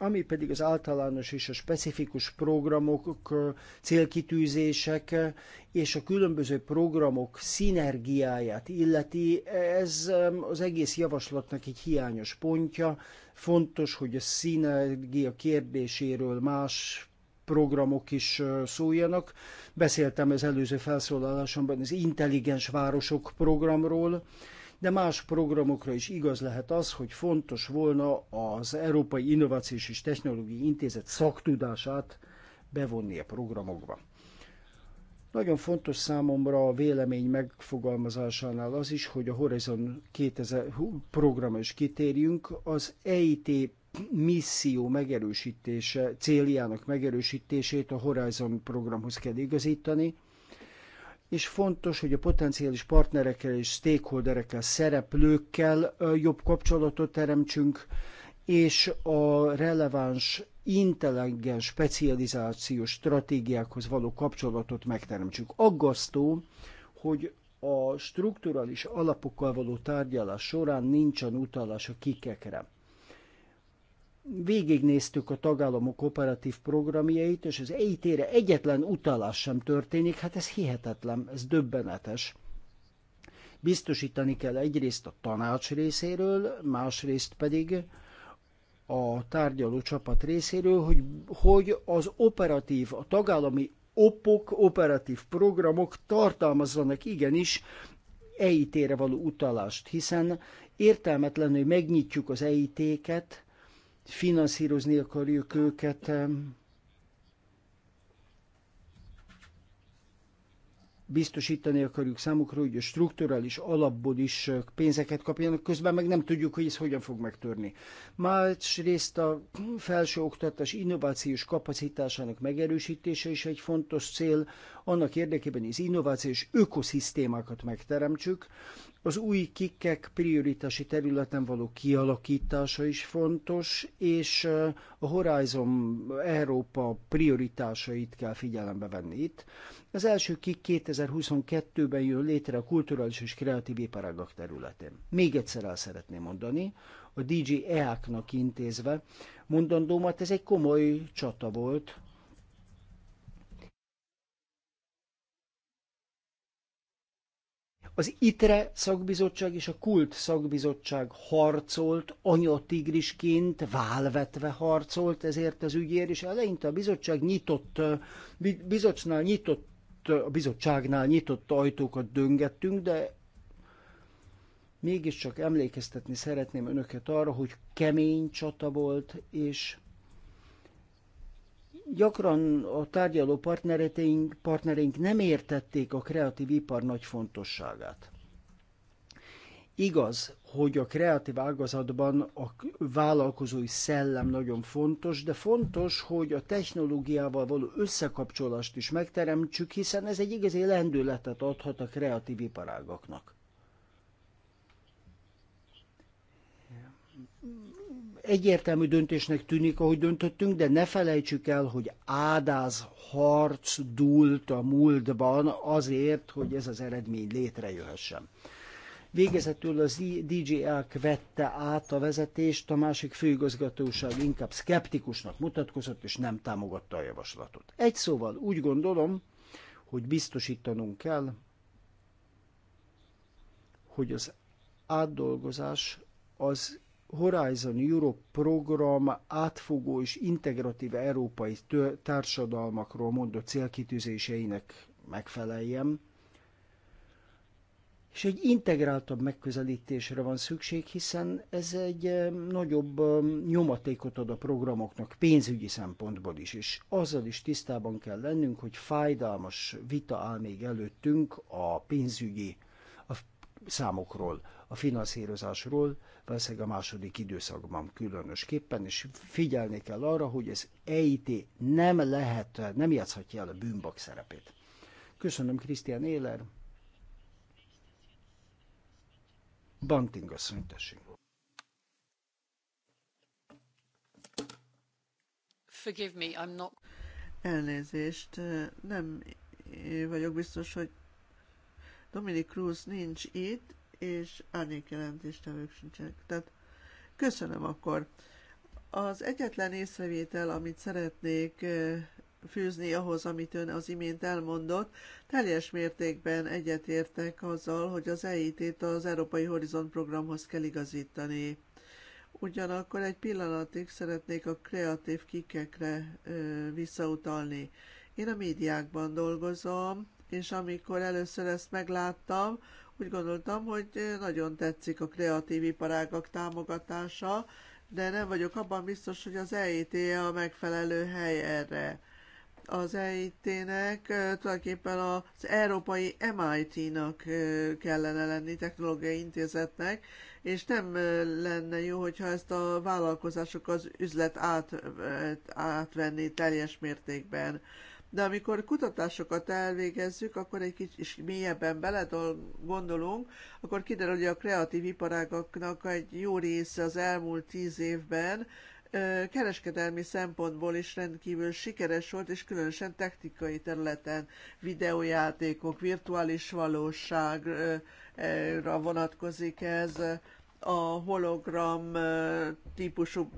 Speaker 3: Ami pedig az általános és a specifikus programok, célkitűzések és a különböző programok szinergiáját illeti, ez az egész javaslatnak egy hiányos pontja. Fontos, hogy a szinergia kérdéséről más programok is szóljanak. Beszéltem az előző felszólalásomban az intelligens városok programról, de más programokra is igaz lehet az, hogy fontos volna az Európai Innovációs és Technológiai Intézet szaktudását bevonni a programokba. Nagyon fontos számomra a vélemény megfogalmazásánál az is, hogy a Horizon 2000 programra is kitérjünk. Az EIT misszió megerősítése, céljának megerősítését a Horizon programhoz kell igazítani, és fontos, hogy a potenciális partnerekkel és stakeholderekkel, szereplőkkel jobb kapcsolatot teremtsünk, és a releváns, intelligens, specializációs stratégiákhoz való kapcsolatot megteremtsük. Aggasztó, hogy a strukturális alapokkal való tárgyalás során nincsen utalás a kikekre végignéztük a tagállamok operatív programjait, és az EIT-re egyetlen utalás sem történik, hát ez hihetetlen, ez döbbenetes. Biztosítani kell egyrészt a tanács részéről, másrészt pedig a tárgyaló csapat részéről, hogy, hogy az operatív, a tagállami opok, operatív programok tartalmazzanak igenis EIT-re való utalást, hiszen értelmetlen, hogy megnyitjuk az EIT-ket, finanszírozni akarjuk őket, biztosítani akarjuk számukra, hogy a strukturális alapból is pénzeket kapjanak, közben meg nem tudjuk, hogy ez hogyan fog megtörni. Másrészt a felsőoktatás innovációs kapacitásának megerősítése is egy fontos cél, annak érdekében, hogy az innovációs ökoszisztémákat megteremtsük, az új kikek prioritási területen való kialakítása is fontos, és eh, a Horizon Európa prioritásait kell figyelembe venni itt. Az első kik 2022-ben jön létre a kulturális és kreatív iparágak területén. Még egyszer el szeretném mondani, a DJ eac nak intézve mondandómat, hát ez egy komoly csata volt, Az ITRE szakbizottság és a KULT szakbizottság harcolt, anyatigrisként válvetve harcolt ezért az ügyért, és eleinte a bizottság nyitott, bizottságnál nyitott, a bizottságnál nyitott ajtókat döngettünk, de mégiscsak emlékeztetni szeretném önöket arra, hogy kemény csata volt, és gyakran a tárgyaló partnereink, partnereink nem értették a kreatív ipar nagy fontosságát. Igaz, hogy a kreatív ágazatban a vállalkozói szellem nagyon fontos, de fontos, hogy a technológiával való összekapcsolást is megteremtsük, hiszen ez egy igazi lendületet adhat a kreatív iparágaknak. egyértelmű döntésnek tűnik, ahogy döntöttünk, de ne felejtsük el, hogy ádáz harc dúlt a múltban azért, hogy ez az eredmény létrejöhessen. Végezetül az DJL vette át a vezetést, a másik főigazgatóság inkább szkeptikusnak mutatkozott, és nem támogatta a javaslatot. Egy szóval úgy gondolom, hogy biztosítanunk kell, hogy az átdolgozás az Horizon Europe program átfogó és integratív európai társadalmakról mondott célkitűzéseinek megfeleljen, és egy integráltabb megközelítésre van szükség, hiszen ez egy nagyobb nyomatékot ad a programoknak pénzügyi szempontból is, és azzal is tisztában kell lennünk, hogy fájdalmas vita áll még előttünk a pénzügyi a számokról a finanszírozásról, valószínűleg a második időszakban különösképpen, és figyelni kell arra, hogy az EIT nem lehet, nem játszhatja el a bűnbak szerepét. Köszönöm, Krisztián Éler. Banting a tessék.
Speaker 1: Forgive me, I'm not...
Speaker 2: Elnézést, nem vagyok biztos, hogy Dominic Cruz nincs itt, és árnyékjelentéstevők sincsenek. Tehát köszönöm akkor. Az egyetlen észrevétel, amit szeretnék fűzni ahhoz, amit ön az imént elmondott, teljes mértékben egyetértek azzal, hogy az EIT-t az Európai Horizont programhoz kell igazítani. Ugyanakkor egy pillanatig szeretnék a kreatív kikekre ö, visszautalni. Én a médiákban dolgozom, és amikor először ezt megláttam, úgy gondoltam, hogy eh, nagyon tetszik a kreatív iparágak támogatása, de nem vagyok abban biztos, hogy az EIT a megfelelő hely erre. Az EIT-nek eh, tulajdonképpen az európai MIT-nak eh, kellene lenni, technológiai intézetnek, és nem lenne jó, hogyha ezt a vállalkozások az üzlet át, átvenni teljes mértékben de amikor kutatásokat elvégezzük, akkor egy kicsit mélyebben bele gondolunk, akkor kiderül, hogy a kreatív iparágaknak egy jó része az elmúlt tíz évben kereskedelmi szempontból is rendkívül sikeres volt, és különösen technikai területen videójátékok, virtuális valóságra vonatkozik ez, a hologram típusú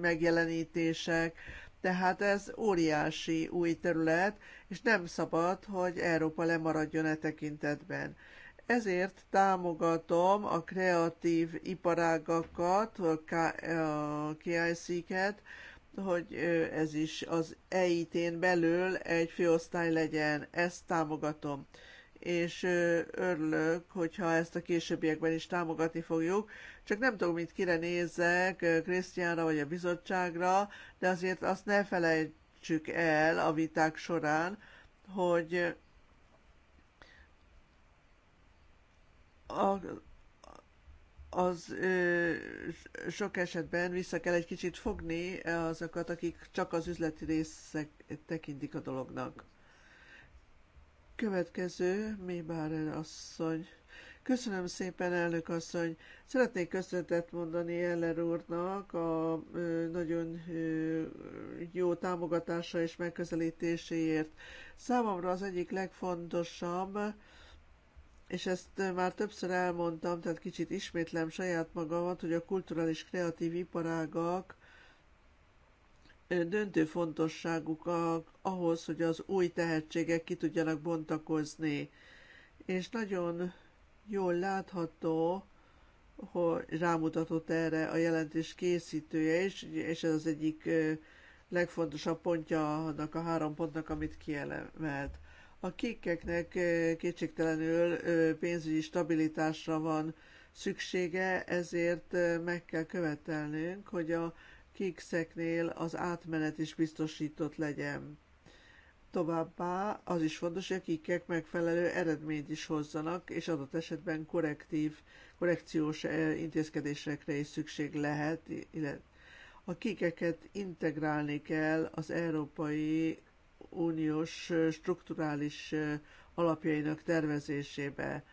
Speaker 2: megjelenítések, tehát ez óriási új terület, és nem szabad, hogy Európa lemaradjon e tekintetben. Ezért támogatom a kreatív iparágakat, a KIC-ket, hogy ez is az EIT-n belül egy főosztály legyen. Ezt támogatom és örülök, hogyha ezt a későbbiekben is támogatni fogjuk. Csak nem tudom, mit kire nézzek, Krisztiánra vagy a bizottságra, de azért azt ne felejtsük el a viták során, hogy a, az ö, sok esetben vissza kell egy kicsit fogni azokat, akik csak az üzleti részek tekintik a dolognak. Következő, Mébár asszony. Köszönöm szépen, elnök asszony. Szeretnék köszönetet mondani Eller úrnak a nagyon jó támogatása és megközelítéséért. Számomra az egyik legfontosabb, és ezt már többször elmondtam, tehát kicsit ismétlem saját magamat, hogy a kulturális kreatív iparágak döntő fontosságuk a, ahhoz, hogy az új tehetségek ki tudjanak bontakozni. És nagyon jól látható, hogy rámutatott erre a jelentés készítője is, és ez az egyik legfontosabb pontja annak a három pontnak, amit kielemelt. A kékeknek kétségtelenül pénzügyi stabilitásra van szüksége, ezért meg kell követelnünk, hogy a kikszeknél az átmenet is biztosított legyen. Továbbá az is fontos, hogy a kikek megfelelő eredményt is hozzanak, és adott esetben korrektív, korrekciós eh, intézkedésekre is szükség lehet. A kikeket integrálni kell az Európai Uniós eh, strukturális eh, alapjainak tervezésébe.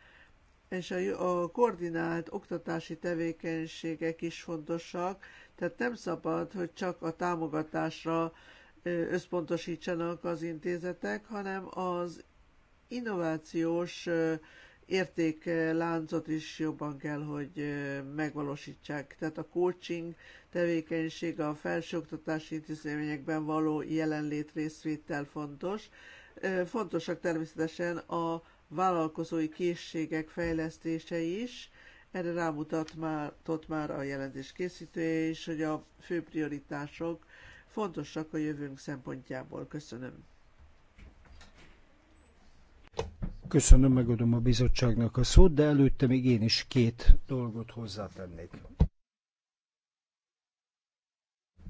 Speaker 2: És a, koordinált oktatási tevékenységek is fontosak, tehát nem szabad, hogy csak a támogatásra összpontosítsanak az intézetek, hanem az innovációs értékláncot is jobban kell, hogy megvalósítsák. Tehát a coaching tevékenysége a felsőoktatási intézményekben való jelenlét részvétel fontos. Fontosak természetesen a vállalkozói készségek fejlesztése is, erre rámutat már, már a jelentés készítője is, hogy a fő prioritások fontosak a jövőnk szempontjából. Köszönöm.
Speaker 3: Köszönöm, megadom a bizottságnak a szót, de előtte még én is két dolgot hozzátennék.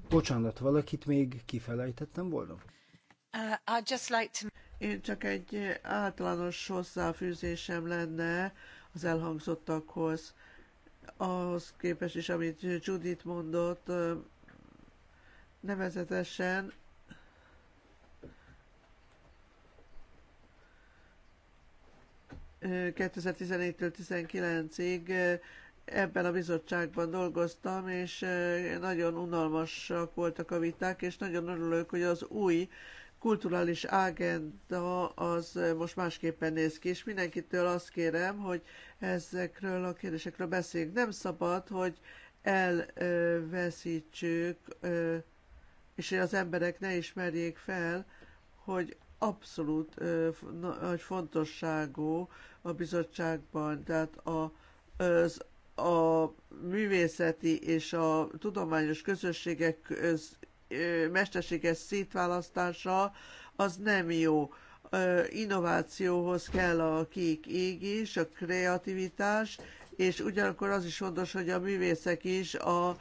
Speaker 3: Bocsánat, valakit még kifelejtettem volna?
Speaker 2: Uh, I'd just like to... Én csak egy általános hozzáfűzésem lenne az elhangzottakhoz. Ahhoz képest is, amit Judith mondott, nevezetesen ...2014-től 19-ig ebben a bizottságban dolgoztam, és nagyon unalmasak voltak a viták, és nagyon örülök, hogy az új kulturális ágenda az most másképpen néz ki, és mindenkitől azt kérem, hogy ezekről a kérdésekről beszéljünk. Nem szabad, hogy elveszítsük, és az emberek ne ismerjék fel, hogy abszolút nagy fontosságú a bizottságban, tehát a, az a művészeti és a tudományos közösségek köz mesterséges szétválasztása az nem jó. Innovációhoz kell a kék ég is, a kreativitás, és ugyanakkor az is fontos, hogy a művészek is a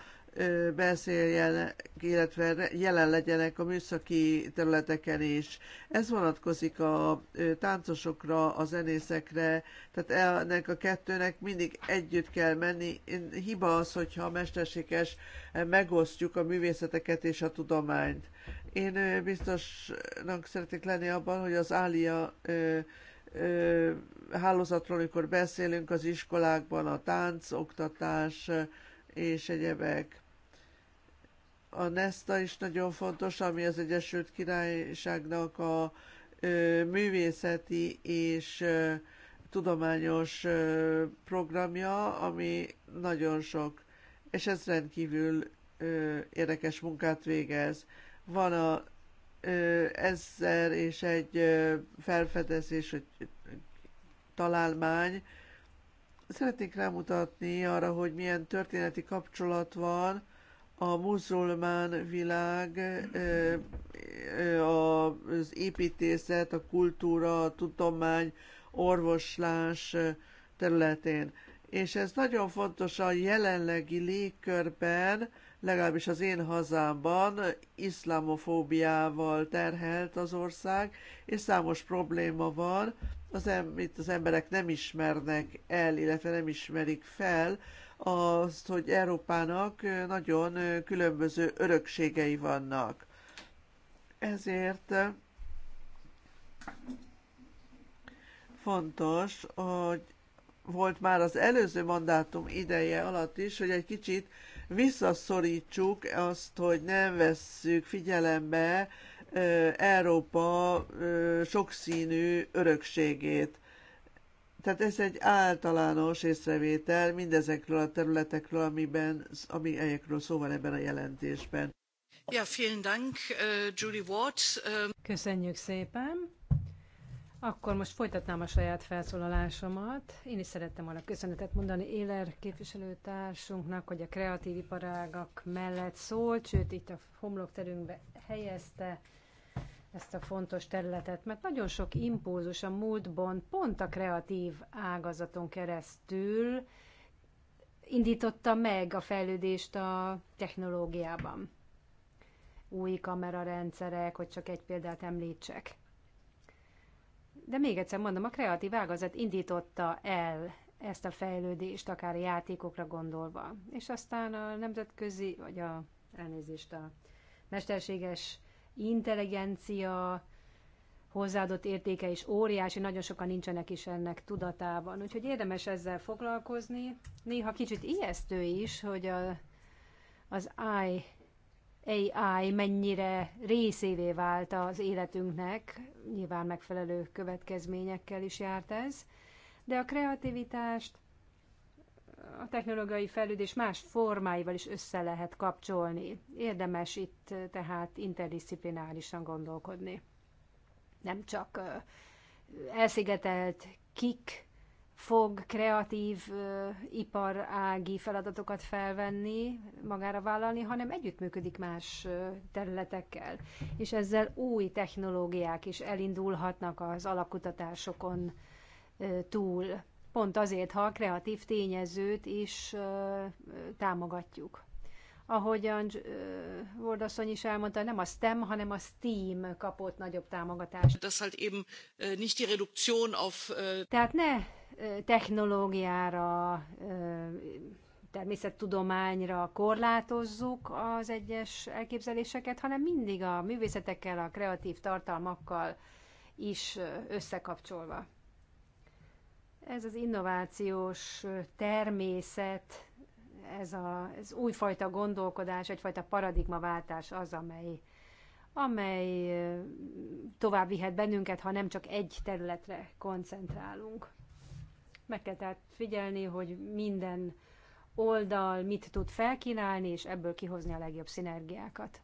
Speaker 2: beszéljenek, illetve jelen legyenek a műszaki területeken is. Ez vonatkozik a táncosokra, a zenészekre, tehát ennek a kettőnek mindig együtt kell menni. Hiba az, hogyha mesterséges megosztjuk a művészeteket és a tudományt. Én biztosnak szeretnék lenni abban, hogy az Ália hálózatról, amikor beszélünk az iskolákban, a tánc, oktatás és egyebek a NESTA is nagyon fontos, ami az Egyesült Királyságnak a művészeti és tudományos programja, ami nagyon sok, és ez rendkívül érdekes munkát végez. Van a ezer és egy felfedezés, hogy találmány. Szeretnék rámutatni arra, hogy milyen történeti kapcsolat van a muzulmán világ, az építészet, a kultúra, a tudomány, orvoslás területén. És ez nagyon fontos a jelenlegi légkörben, legalábbis az én hazámban iszlamofóbiával terhelt az ország, és számos probléma van, az em, itt az emberek nem ismernek el, illetve nem ismerik fel, azt, hogy Európának nagyon különböző örökségei vannak. Ezért fontos, hogy volt már az előző mandátum ideje alatt is, hogy egy kicsit visszaszorítsuk azt, hogy nem vesszük figyelembe Európa sokszínű örökségét. Tehát ez egy általános észrevétel mindezekről a területekről, amiben, amelyekről szó van ebben a jelentésben.
Speaker 1: Ja, vielen Dank, äh, Julie Ward. Ähm, Köszönjük szépen. Akkor most folytatnám a saját felszólalásomat. Én is szerettem volna köszönetet mondani Éler képviselőtársunknak, hogy a kreatív iparágak mellett szólt, sőt itt a homlokterünkbe helyezte ezt a fontos területet, mert nagyon sok impulzus a múltban pont a kreatív ágazaton keresztül indította meg a fejlődést a technológiában. Új kamerarendszerek, hogy csak egy példát említsek. De még egyszer mondom, a kreatív ágazat indította el ezt a fejlődést, akár a játékokra gondolva. És aztán a nemzetközi, vagy a elnézést, a mesterséges intelligencia hozzáadott értéke is óriási, nagyon sokan nincsenek is ennek tudatában. Úgyhogy érdemes ezzel foglalkozni. Néha kicsit ijesztő is, hogy a, az AI, AI mennyire részévé vált az életünknek, nyilván megfelelő következményekkel is járt ez, de a kreativitást a technológiai fejlődés más formáival is össze lehet kapcsolni. Érdemes itt eh, tehát interdisziplinárisan gondolkodni. Nem csak eh, elszigetelt kik fog kreatív eh, iparági feladatokat felvenni, magára vállalni, hanem együttműködik más területekkel. És ezzel új technológiák is elindulhatnak az alapkutatásokon túl pont azért, ha a kreatív tényezőt is támogatjuk. Ahogyan Vordasszony is elmondta, nem a STEM, hanem a STEAM kapott nagyobb támogatást.
Speaker 2: Das halt eben äh, nicht die Reduktion auf...
Speaker 1: Äh, Tehát ne technológiára, természettudományra korlátozzuk az egyes elképzeléseket, hanem mindig a művészetekkel, a kreatív tartalmakkal is összekapcsolva. Ez az innovációs természet, ez a, az újfajta gondolkodás, egyfajta paradigmaváltás az, amely, amely tovább vihet bennünket, ha nem csak egy területre koncentrálunk. Meg kell tehát figyelni, hogy minden oldal mit tud felkínálni, és ebből kihozni a legjobb szinergiákat.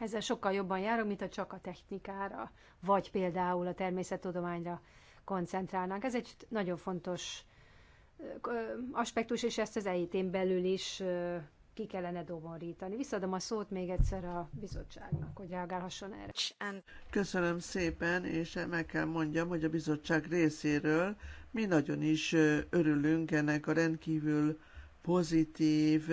Speaker 1: Ezzel sokkal jobban járunk, mint a csak a technikára, vagy például a természettudományra koncentrálnánk. Ez egy nagyon fontos aspektus, és ezt az EIT-n belül is ki kellene domorítani. Visszadom a szót még egyszer a bizottságnak, hogy reagálhasson erre.
Speaker 2: Köszönöm szépen, és meg kell mondjam, hogy a bizottság részéről mi nagyon is örülünk ennek a rendkívül pozitív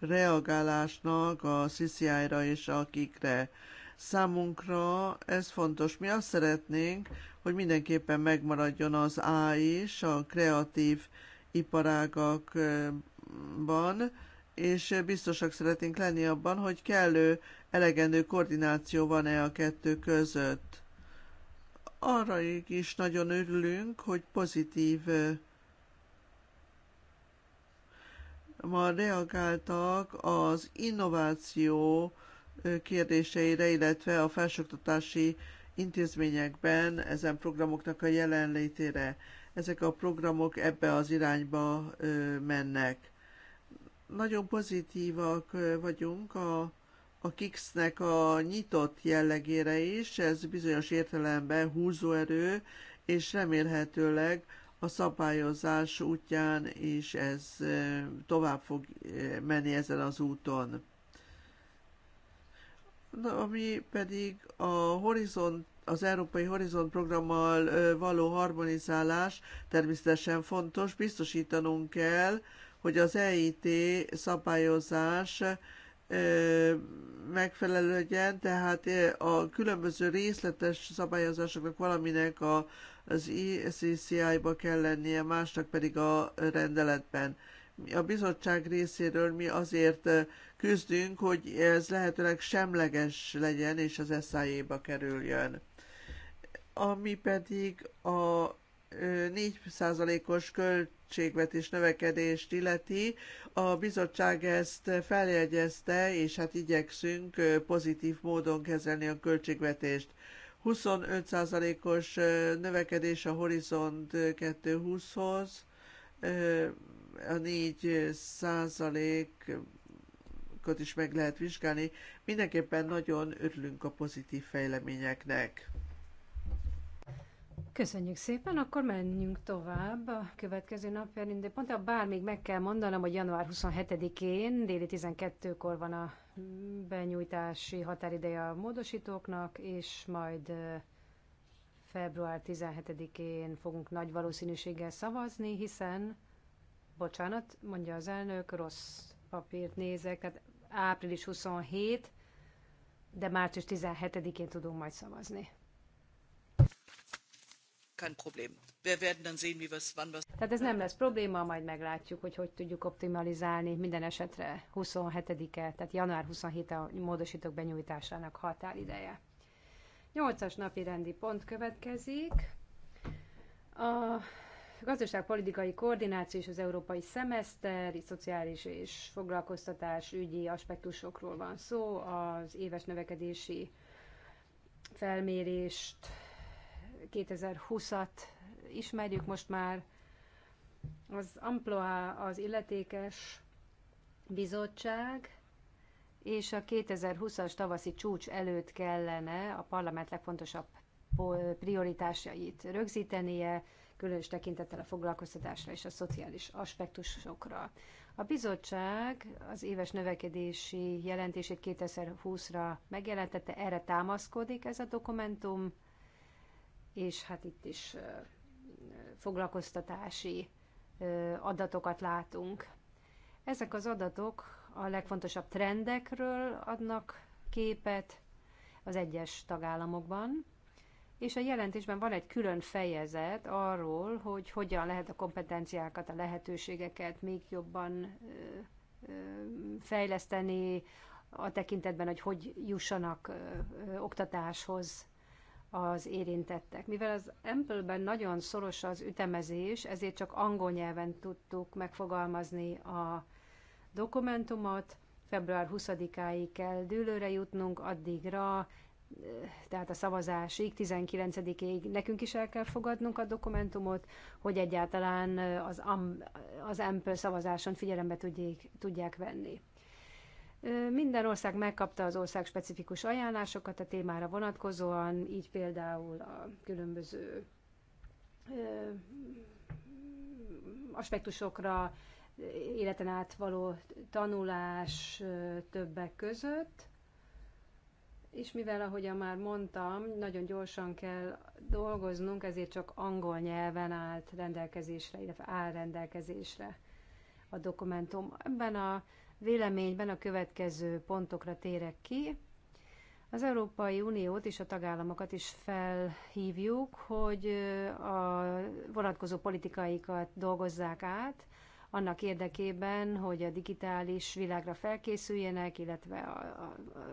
Speaker 2: reagálásnak a CCI-ra és akikre. Számunkra ez fontos. Mi azt szeretnénk, hogy mindenképpen megmaradjon az A is a kreatív iparágakban, és biztosak szeretnénk lenni abban, hogy kellő, elegendő koordináció van-e a kettő között. Arra is nagyon örülünk, hogy pozitív ma reagáltak az innováció kérdéseire, illetve a felsőoktatási intézményekben ezen programoknak a jelenlétére. Ezek a programok ebbe az irányba mennek. Nagyon pozitívak vagyunk a a Kixnek a nyitott jellegére is, ez bizonyos értelemben húzóerő, és remélhetőleg a szabályozás útján is ez tovább fog menni ezen az úton. Na, ami pedig a horizont az Európai Horizont programmal való harmonizálás természetesen fontos, biztosítanunk kell, hogy az EIT szabályozás megfelelő legyen, tehát a különböző részletes szabályozásoknak valaminek az ICCI-ba kell lennie, másnak pedig a rendeletben a bizottság részéről mi azért eh, küzdünk, hogy ez lehetőleg semleges legyen, és az SZIA-ba kerüljön. Ami pedig a 4%-os költségvetés növekedést illeti. A bizottság ezt feljegyezte, és hát igyekszünk pozitív módon kezelni a költségvetést. 25%-os növekedés a Horizont 2020 hoz a 4 százalékot is meg lehet vizsgálni. Mindenképpen nagyon örülünk a pozitív fejleményeknek.
Speaker 1: Köszönjük szépen, akkor menjünk tovább a következő de pont, bár még meg kell mondanom, hogy január 27-én déli 12-kor van a benyújtási határideje a módosítóknak, és majd február 17-én fogunk nagy valószínűséggel szavazni, hiszen Bocsánat, mondja az elnök, rossz papírt nézek, tehát április 27, de március 17-én tudunk majd szavazni.
Speaker 2: Kein Problem. Wir werden dann sehen, wie was, wann was...
Speaker 1: Tehát ez nem lesz probléma, majd meglátjuk, hogy hogy tudjuk optimalizálni minden esetre 27-e, tehát január 27 -e a módosítók benyújtásának határideje. Nyolcas napi rendi pont következik. A gazdaságpolitikai koordináció és az európai szemeszter, szociális és foglalkoztatás ügyi aspektusokról van szó, az éves növekedési felmérést, 2020-at ismerjük most már, az Amploa az illetékes bizottság, és a 2020-as tavaszi csúcs előtt kellene a parlament legfontosabb prioritásait rögzítenie, különös tekintettel a foglalkoztatásra és a szociális aspektusokra. A bizottság az éves növekedési jelentését 2020-ra megjelentette, erre támaszkodik ez a dokumentum, és hát itt is foglalkoztatási adatokat látunk. Ezek az adatok a legfontosabb trendekről adnak képet az egyes tagállamokban, és a jelentésben van egy külön fejezet arról, hogy hogyan lehet a kompetenciákat, a lehetőségeket még jobban fejleszteni a tekintetben, hogy hogy jussanak oktatáshoz az érintettek. Mivel az Ample-ben nagyon szoros az ütemezés, ezért csak angol nyelven tudtuk megfogalmazni a dokumentumot. Február 20-áig kell dőlőre jutnunk, addigra tehát a szavazásig, 19-ig nekünk is el kell fogadnunk a dokumentumot, hogy egyáltalán az, AM, az AMP szavazáson figyelembe tudjék, tudják venni. Minden ország megkapta az ország specifikus ajánlásokat a témára vonatkozóan, így például a különböző aspektusokra, életen átvaló tanulás többek között. És mivel, ahogyan már mondtam, nagyon gyorsan kell dolgoznunk, ezért csak angol nyelven állt rendelkezésre, illetve áll rendelkezésre a dokumentum. Ebben a véleményben a következő pontokra térek ki. Az Európai Uniót és a tagállamokat is felhívjuk, hogy a vonatkozó politikáikat dolgozzák át, annak érdekében, hogy a digitális világra felkészüljenek, illetve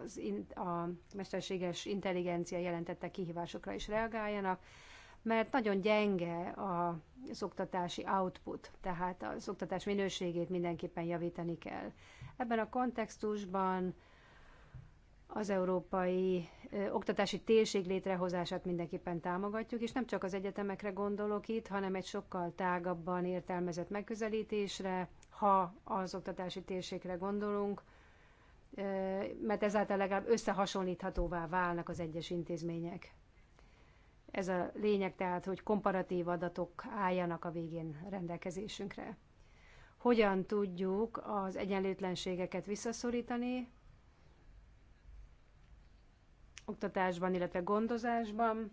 Speaker 1: az, a mesterséges intelligencia jelentette kihívásokra is reagáljanak, mert nagyon gyenge az oktatási output, tehát az oktatás minőségét mindenképpen javítani kell. Ebben a kontextusban az európai ö, oktatási térség létrehozását mindenképpen támogatjuk, és nem csak az egyetemekre gondolok itt, hanem egy sokkal tágabban értelmezett megközelítésre, ha az oktatási térségre gondolunk, ö, mert ezáltal legalább összehasonlíthatóvá válnak az egyes intézmények. Ez a lényeg tehát, hogy komparatív adatok álljanak a végén rendelkezésünkre. Hogyan tudjuk az egyenlőtlenségeket visszaszorítani? oktatásban, illetve gondozásban.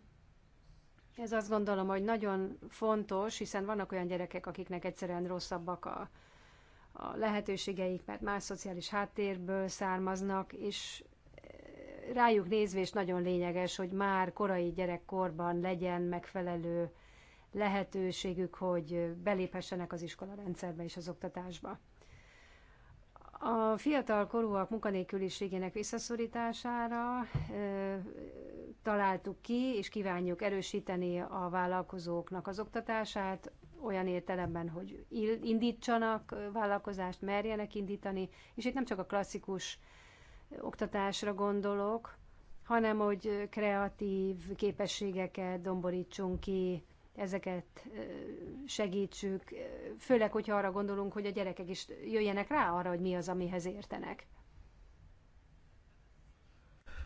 Speaker 1: Ez azt gondolom, hogy nagyon fontos, hiszen vannak olyan gyerekek, akiknek egyszerűen rosszabbak a, a lehetőségeik, mert más szociális háttérből származnak, és eh, rájuk nézve is nagyon lényeges, hogy már korai gyerekkorban legyen megfelelő lehetőségük, hogy eh, beléphessenek az iskola rendszerbe és az oktatásba. A fiatal korúak munkanélküliségének visszaszorítására ö, találtuk ki, és kívánjuk erősíteni a vállalkozóknak az oktatását, olyan értelemben, hogy indítsanak vállalkozást, merjenek indítani, és itt nem csak a klasszikus oktatásra gondolok, hanem hogy kreatív képességeket domborítsunk ki, ezeket segítsük, főleg, hogyha arra gondolunk, hogy a gyerekek is jöjjenek rá arra, hogy mi az, amihez értenek.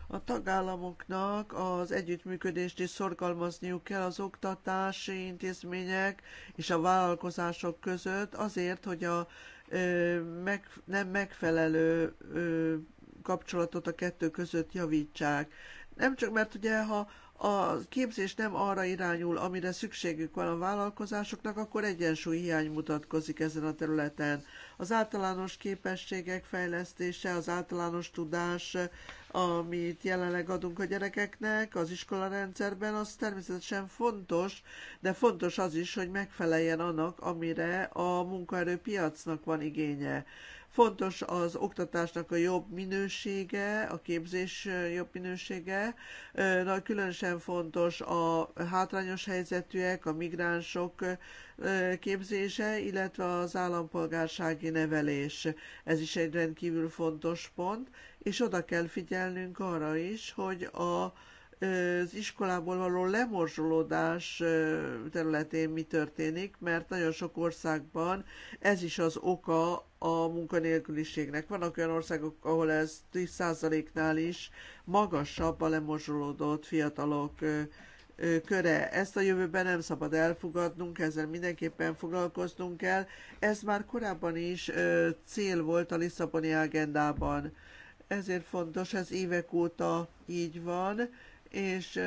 Speaker 2: A tagállamoknak az együttműködést is szorgalmazniuk kell az oktatási intézmények és a vállalkozások között azért, hogy a ö, meg, nem megfelelő ö, kapcsolatot a kettő között javítsák. Nem csak mert ugye, ha a képzés nem arra irányul, amire szükségük van a vállalkozásoknak, akkor egyensúly hiány mutatkozik ezen a területen. Az általános képességek fejlesztése, az általános tudás, amit jelenleg adunk a gyerekeknek az iskolarendszerben, az természetesen fontos, de fontos az is, hogy megfeleljen annak, amire a munkaerőpiacnak van igénye. Fontos az oktatásnak a jobb minősége, a képzés jobb minősége. Na, különösen fontos a hátrányos helyzetűek, a migránsok képzése, illetve az állampolgársági nevelés. Ez is egy rendkívül fontos pont, és oda kell figyelnünk arra is, hogy a az iskolából való lemorzsolódás területén mi történik, mert nagyon sok országban ez is az oka a munkanélküliségnek. Vannak olyan országok, ahol ez 10%-nál is magasabb a lemorzsolódott fiatalok köre. Ezt a jövőben nem szabad elfogadnunk, ezzel mindenképpen foglalkoznunk kell. Ez már korábban is cél volt a Lisszaboni agendában. Ezért fontos, ez évek óta így van, és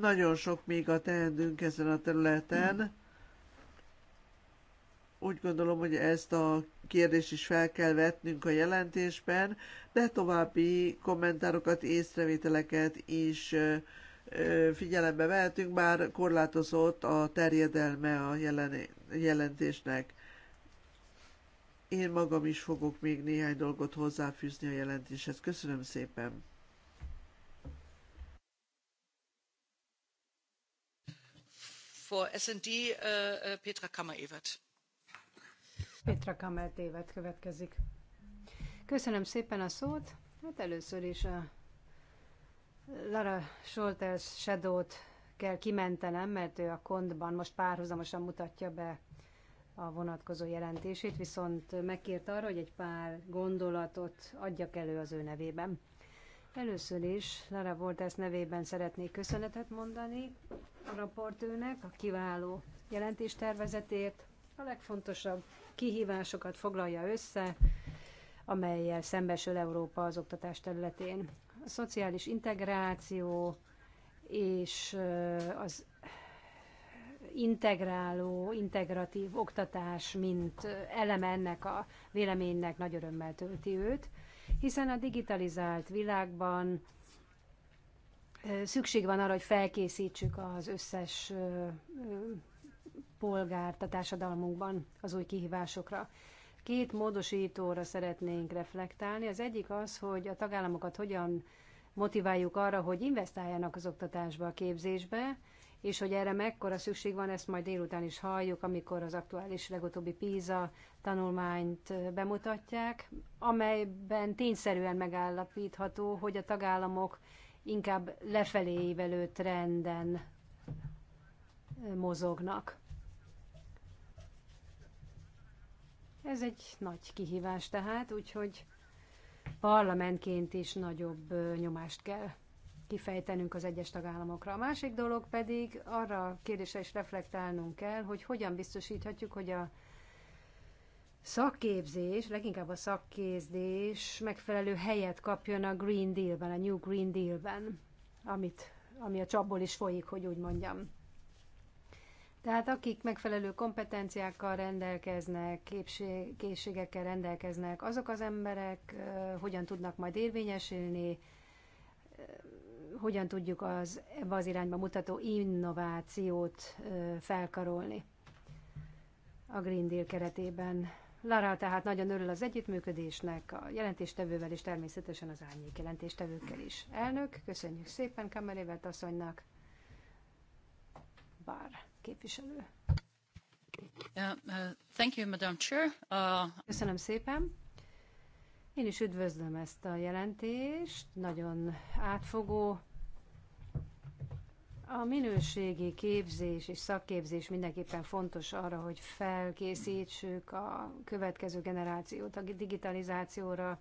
Speaker 2: nagyon sok még a teendünk ezen a területen. Úgy gondolom, hogy ezt a kérdést is fel kell vetnünk a jelentésben, de további kommentárokat, észrevételeket is figyelembe vehetünk, bár korlátozott a terjedelme a jelen, jelentésnek. Én magam is fogok még néhány dolgot hozzáfűzni a jelentéshez. Köszönöm szépen! For S&D, uh, uh, Petra
Speaker 3: kammer Évet.
Speaker 1: Petra kammer Évet következik. Köszönöm szépen a szót. Hát először is a Lara Scholters Shadow-t kell kimentenem, mert ő a kontban most párhuzamosan mutatja be a vonatkozó jelentését, viszont megkért arra, hogy egy pár gondolatot adjak elő az ő nevében. Először is Lara Voltász nevében szeretnék köszönetet mondani a raportőnek a kiváló jelentéstervezetért. A legfontosabb kihívásokat foglalja össze, amelyel szembesül Európa az oktatás területén. A szociális integráció és az integráló, integratív oktatás, mint eleme ennek a véleménynek nagy örömmel tölti őt, hiszen a digitalizált világban szükség van arra, hogy felkészítsük az összes polgárt a társadalmunkban az új kihívásokra. Két módosítóra szeretnénk reflektálni. Az egyik az, hogy a tagállamokat hogyan motiváljuk arra, hogy investáljanak az oktatásba, a képzésbe, és hogy erre mekkora szükség van, ezt majd délután is halljuk, amikor az aktuális legutóbbi PISA tanulmányt bemutatják, amelyben tényszerűen megállapítható, hogy a tagállamok inkább lefelé évelő trenden mozognak. Ez egy nagy kihívás tehát, úgyhogy parlamentként is nagyobb nyomást kell kifejtenünk az egyes tagállamokra. A másik dolog pedig arra a kérdésre is reflektálnunk kell, hogy hogyan biztosíthatjuk, hogy a szakképzés, leginkább a szakképzés megfelelő helyet kapjon a Green Deal-ben, a New Green Deal-ben, amit, ami a csapból is folyik, hogy úgy mondjam. Tehát akik megfelelő kompetenciákkal rendelkeznek, képség, készségekkel rendelkeznek, azok az emberek uh, hogyan tudnak majd érvényesülni, hogyan tudjuk az ebbe az irányba mutató innovációt felkarolni a Green Deal keretében. Lara tehát nagyon örül az együttműködésnek, a jelentéstevővel és természetesen az árnyék jelentéstevőkkel is. Elnök, köszönjük szépen Kamerévet asszonynak. Bár képviselő. Yeah, uh, thank you, Madam Chair. Uh... Köszönöm szépen. Én is üdvözlöm ezt a jelentést, nagyon átfogó a minőségi képzés és szakképzés mindenképpen fontos arra, hogy felkészítsük a következő generációt a digitalizációra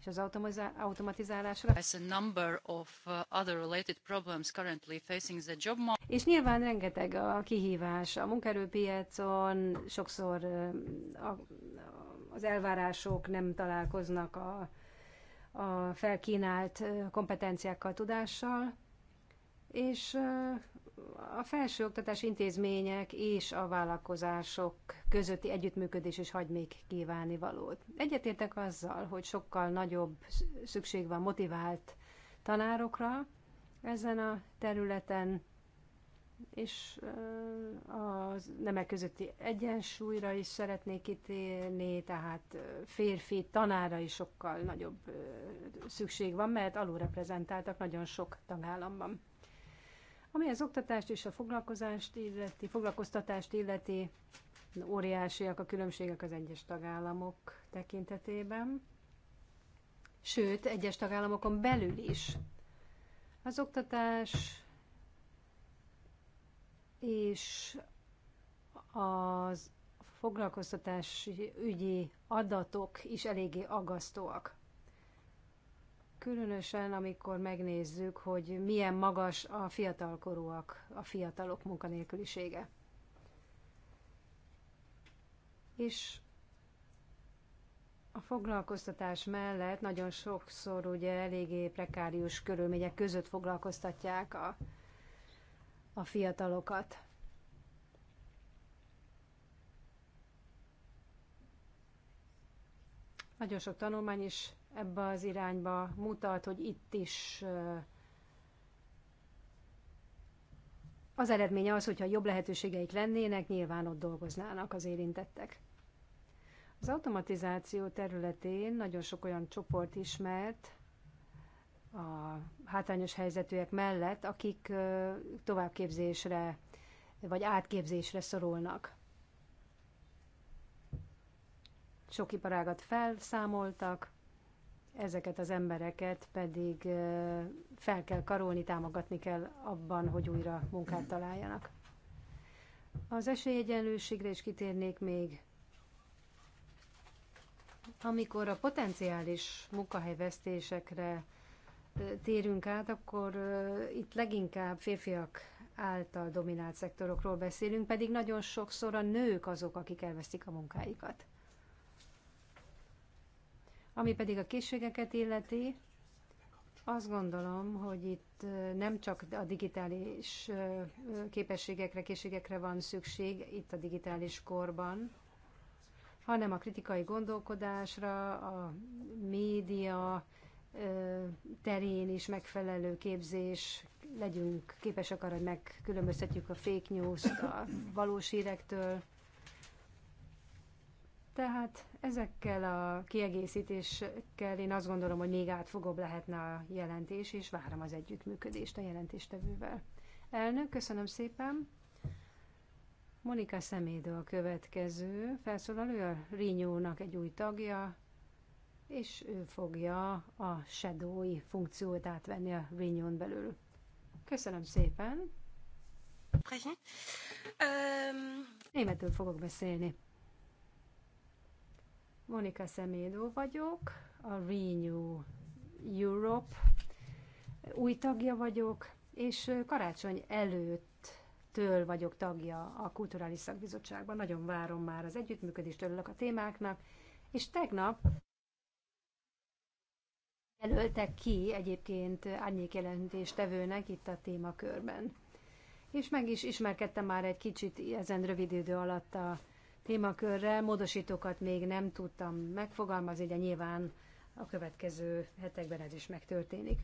Speaker 1: és az automatizálásra. As a number of uh, other related problems currently facing the job market. És nyilván rengeteg a kihívás a munkerőpiacon, sokszor a, az elvárások nem találkoznak a, a felkínált kompetenciákkal, tudással és a felsőoktatás intézmények és a vállalkozások közötti együttműködés is hagy még kívánni valót. Egyetértek azzal, hogy sokkal nagyobb szükség van motivált tanárokra ezen a területen, és a nemek közötti egyensúlyra is szeretnék kitérni, tehát férfi tanára is sokkal nagyobb szükség van, mert alulreprezentáltak nagyon sok tagállamban. Ami az oktatást és a foglalkozást illeti, foglalkoztatást illeti, óriásiak a különbségek az egyes tagállamok tekintetében. Sőt, egyes tagállamokon belül is. Az oktatás és az foglalkoztatási ügyi adatok is eléggé agasztóak. Különösen, amikor megnézzük, hogy milyen magas a fiatalkorúak, a fiatalok munkanélkülisége. És a foglalkoztatás mellett nagyon sokszor ugye eléggé prekárius körülmények között foglalkoztatják a, a fiatalokat. Nagyon sok tanulmány is ebbe az irányba mutat, hogy itt is az eredménye az, hogyha jobb lehetőségeik lennének, nyilván ott dolgoznának az érintettek. Az automatizáció területén nagyon sok olyan csoport ismert, a hátrányos helyzetűek mellett, akik továbbképzésre vagy átképzésre szorulnak. Sok iparágat felszámoltak, ezeket az embereket pedig fel kell karolni, támogatni kell abban, hogy újra munkát találjanak. Az esélyegyenlőségre is kitérnék még. Amikor a potenciális munkahelyvesztésekre térünk át, akkor itt leginkább férfiak által dominált szektorokról beszélünk, pedig nagyon sokszor a nők azok, akik elvesztik a munkáikat. Ami pedig a készségeket illeti, azt gondolom, hogy itt nem csak a digitális képességekre, készségekre van szükség itt a digitális korban, hanem a kritikai gondolkodásra, a média terén is megfelelő képzés, legyünk képesek arra, hogy megkülönböztetjük a fake news-t a valós hírektől, tehát ezekkel a kiegészítésekkel én azt gondolom, hogy még átfogóbb lehetne a jelentés, és várom az együttműködést a jelentéstevővel. Elnök, köszönöm szépen. Monika Szemédő a következő felszólaló, a Rinyónak egy új tagja, és ő fogja a shadowi funkciót átvenni a Rinyón belül. Köszönöm szépen. Németül fogok beszélni. Monika Szemédó vagyok, a Renew Europe új tagja vagyok, és karácsony előtt től vagyok tagja a Kulturális Szakbizottságban. Nagyon várom már az együttműködést, örülök a témáknak, és tegnap jelöltek ki egyébként árnyékjelentéstevőnek itt a témakörben. És meg is ismerkedtem már egy kicsit ezen rövid idő alatt a témakörre. Módosítókat még nem tudtam megfogalmazni, de nyilván a következő hetekben ez is megtörténik.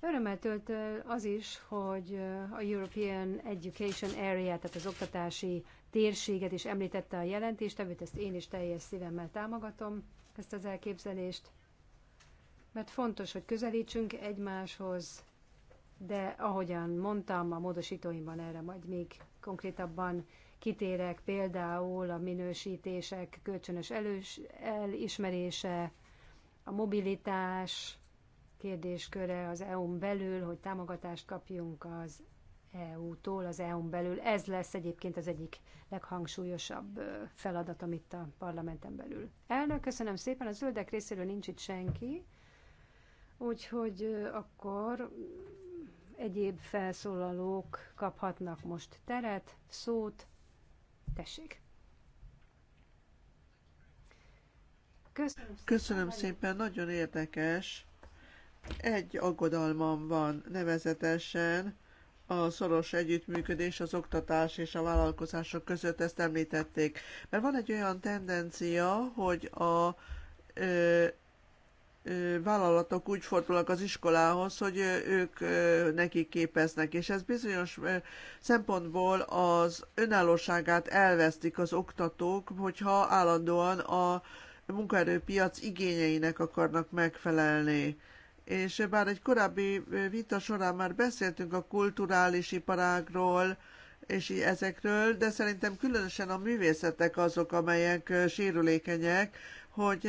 Speaker 1: Örömmel tölt az is, hogy a European Education Area, tehát az oktatási térséget is említette a jelentéstevőt, ezt én is teljes szívemmel támogatom, ezt az elképzelést, mert fontos, hogy közelítsünk egymáshoz, de ahogyan mondtam, a módosítóimban erre majd még konkrétabban kitérek például a minősítések kölcsönös elős, elismerése, a mobilitás kérdésköre az EU-n belül, hogy támogatást kapjunk az EU-tól, az EU-n belül. Ez lesz egyébként az egyik leghangsúlyosabb feladat, amit a parlamenten belül. Elnök, köszönöm szépen, a zöldek részéről nincs itt senki, úgyhogy akkor egyéb felszólalók kaphatnak most teret, szót. Tessék. Köszönöm szépen, Köszönöm szépen nagyon
Speaker 2: érdekes. Egy aggodalmam van, nevezetesen a szoros együttműködés az oktatás és a vállalkozások között, ezt említették. Mert van egy olyan tendencia, hogy a ö, vállalatok úgy fordulnak az iskolához, hogy ők nekik képeznek, és ez bizonyos szempontból az önállóságát elvesztik az oktatók, hogyha állandóan a munkaerőpiac igényeinek akarnak megfelelni. És bár egy korábbi vita során már beszéltünk a kulturális iparágról, és ezekről, de szerintem különösen a művészetek azok, amelyek sérülékenyek, hogy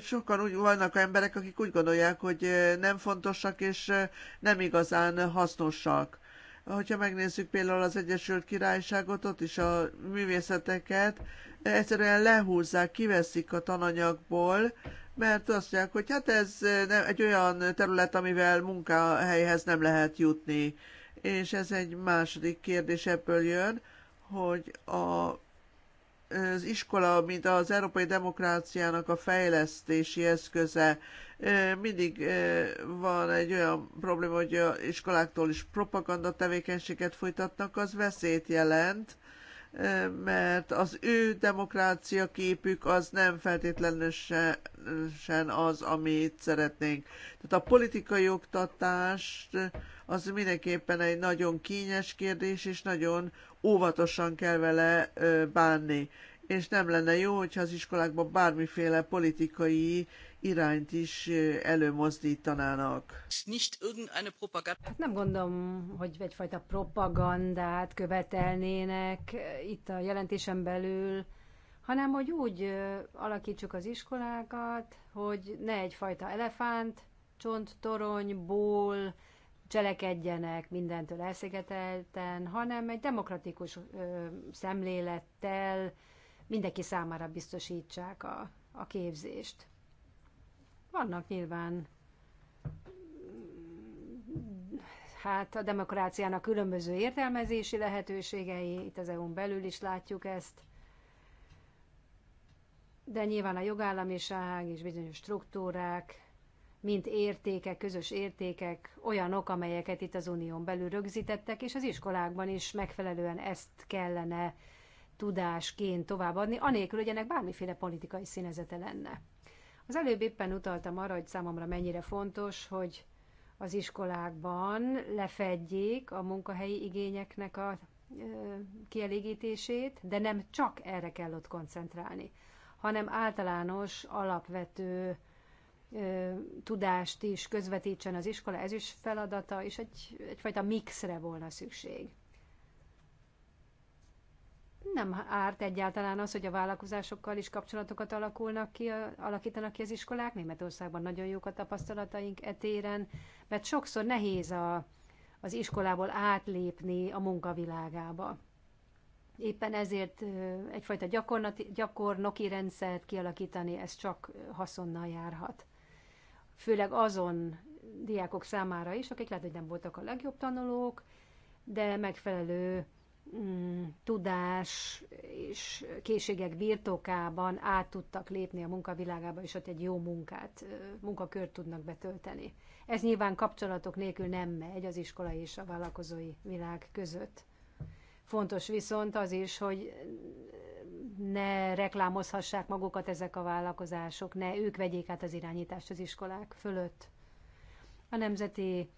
Speaker 2: sokan úgy vannak emberek, akik úgy gondolják, hogy nem fontosak és nem igazán hasznosak. Hogyha megnézzük például az Egyesült Királyságot, ott is a művészeteket egyszerűen lehúzzák, kiveszik a tananyagból, mert azt mondják, hogy hát ez nem, egy olyan terület, amivel munkahelyhez nem lehet jutni. És ez egy második kérdés ebből jön, hogy a az iskola, mint az európai demokráciának a fejlesztési eszköze. Mindig van egy olyan probléma, hogy a iskoláktól is propaganda tevékenységet folytatnak, az veszélyt jelent, mert az ő demokrácia képük az nem feltétlenül az, amit szeretnénk. Tehát a politikai oktatást az mindenképpen egy nagyon kényes kérdés, és nagyon óvatosan kell vele bánni. És nem lenne jó, hogyha az iskolákban bármiféle politikai irányt is előmozdítanának.
Speaker 1: Hát nem gondolom, hogy egyfajta propagandát követelnének itt a jelentésen belül, hanem hogy úgy alakítsuk az iskolákat, hogy ne egyfajta elefánt, csonttoronyból cselekedjenek mindentől elszigetelten, hanem egy demokratikus ö, szemlélettel mindenki számára biztosítsák a, a képzést. Vannak nyilván hát a demokráciának különböző értelmezési lehetőségei, itt az EU-n belül is látjuk ezt, de nyilván a jogállamiság és bizonyos struktúrák mint értékek, közös értékek, olyanok, amelyeket itt az unión belül rögzítettek, és az iskolákban is megfelelően ezt kellene tudásként továbbadni, anélkül, hogy ennek bármiféle politikai színezete lenne. Az előbb éppen utaltam arra, hogy számomra mennyire fontos, hogy az iskolákban lefedjék a munkahelyi igényeknek a kielégítését, de nem csak erre kell ott koncentrálni, hanem általános, alapvető tudást is közvetítsen az iskola, ez is feladata, és egy, egyfajta mixre volna szükség. Nem árt egyáltalán az, hogy a vállalkozásokkal is kapcsolatokat alakulnak ki, alakítanak ki az iskolák. Németországban nagyon jók a tapasztalataink etéren, mert sokszor nehéz a, az iskolából átlépni a munkavilágába. Éppen ezért egyfajta gyakornoki rendszert kialakítani, ez csak haszonnal járhat főleg azon diákok számára is, akik lehet, hogy nem voltak a legjobb tanulók, de megfelelő mm, tudás és készségek birtokában át tudtak lépni a munkavilágába, és ott egy jó munkát, munkakört tudnak betölteni. Ez nyilván kapcsolatok nélkül nem megy az iskolai és a vállalkozói világ között. Fontos viszont az is, hogy ne reklámozhassák magukat ezek a vállalkozások, ne ők vegyék át az irányítást az iskolák fölött. A nemzeti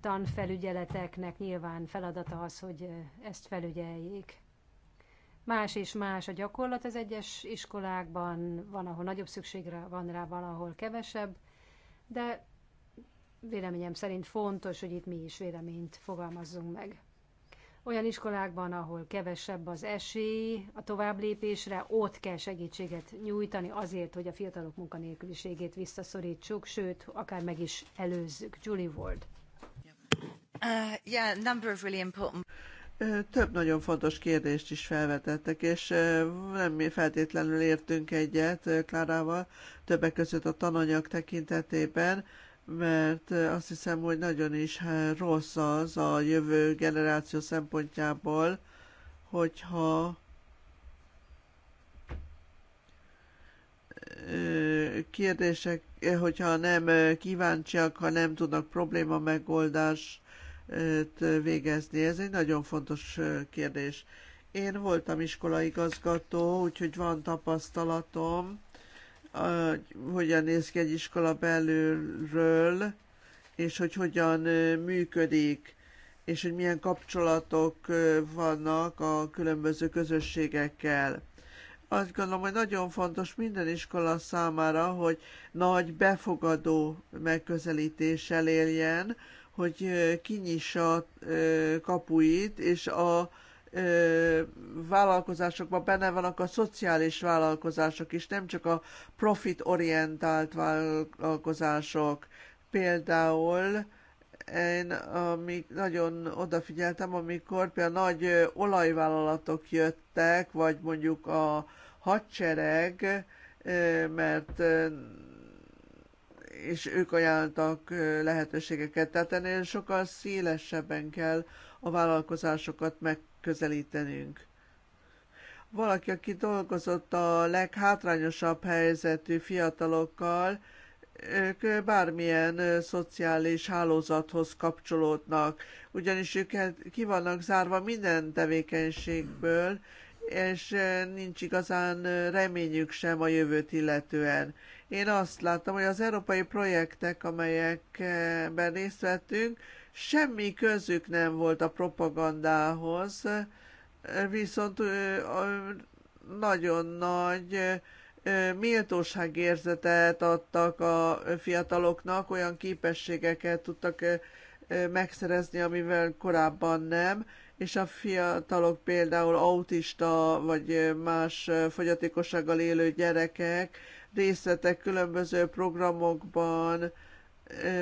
Speaker 1: tanfelügyeleteknek nyilván feladata az, hogy ezt felügyeljék. Más és más a gyakorlat az egyes iskolákban, van, ahol nagyobb szükségre van rá, valahol kevesebb, de véleményem szerint fontos, hogy itt mi is véleményt fogalmazzunk meg. Olyan iskolákban, ahol kevesebb az esély a továbblépésre, ott kell segítséget nyújtani azért, hogy a fiatalok munkanélküliségét visszaszorítsuk, sőt, akár meg is előzzük. Julie Ward. Uh, yeah, number of really important...
Speaker 2: Több nagyon fontos kérdést is felvetettek, és nem mi feltétlenül értünk egyet Klárával, többek között a tananyag tekintetében, mert eh, azt hiszem, hogy nagyon is eh, rossz az a jövő generáció szempontjából, hogyha eh, kérdések, hogyha nem kíváncsiak, ha nem tudnak probléma megoldást végezni. Ez egy nagyon fontos kérdés. Én voltam iskolaigazgató, úgyhogy van tapasztalatom hogyan néz ki egy iskola belülről, és hogy hogyan működik, és hogy milyen kapcsolatok vannak a különböző közösségekkel. Azt gondolom, hogy nagyon fontos minden iskola számára, hogy nagy befogadó megközelítéssel éljen, hogy kinyissa kapuit, és a vállalkozásokban benne vannak a szociális vállalkozások is, nem csak a profit-orientált vállalkozások. Például én amik nagyon odafigyeltem, amikor például nagy olajvállalatok jöttek, vagy mondjuk a hadsereg, mert és ők ajánltak lehetőségeket. Tehát ennél sokkal szélesebben kell a vállalkozásokat meg megközelítenünk. Valaki, aki dolgozott a leghátrányosabb helyzetű fiatalokkal, ők bármilyen szociális hálózathoz kapcsolódnak, ugyanis ők ki vannak zárva minden tevékenységből, és nincs igazán reményük sem a jövőt illetően. Én azt láttam, hogy az európai projektek, amelyekben részt vettünk, Semmi közük nem volt a propagandához, viszont nagyon nagy méltóságérzetet adtak a fiataloknak, olyan képességeket tudtak megszerezni, amivel korábban nem, és a fiatalok például autista vagy más fogyatékossággal élő gyerekek részletek különböző programokban,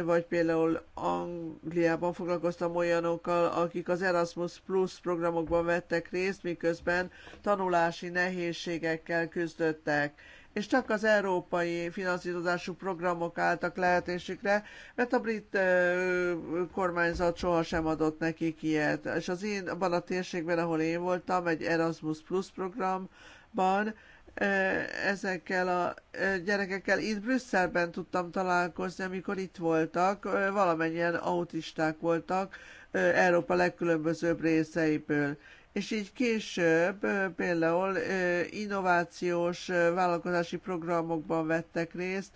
Speaker 2: vagy például Angliában foglalkoztam olyanokkal, akik az Erasmus Plus programokban vettek részt, miközben tanulási nehézségekkel küzdöttek és csak az európai finanszírozású programok álltak lehetőségre, mert a brit ö, kormányzat sohasem adott nekik ilyet. És az én, abban a térségben, ahol én voltam, egy Erasmus Plus programban ezekkel a gyerekekkel. Itt Brüsszelben tudtam találkozni, amikor itt voltak, valamennyien autisták voltak Európa legkülönbözőbb részeiből és így később például innovációs vállalkozási programokban vettek részt,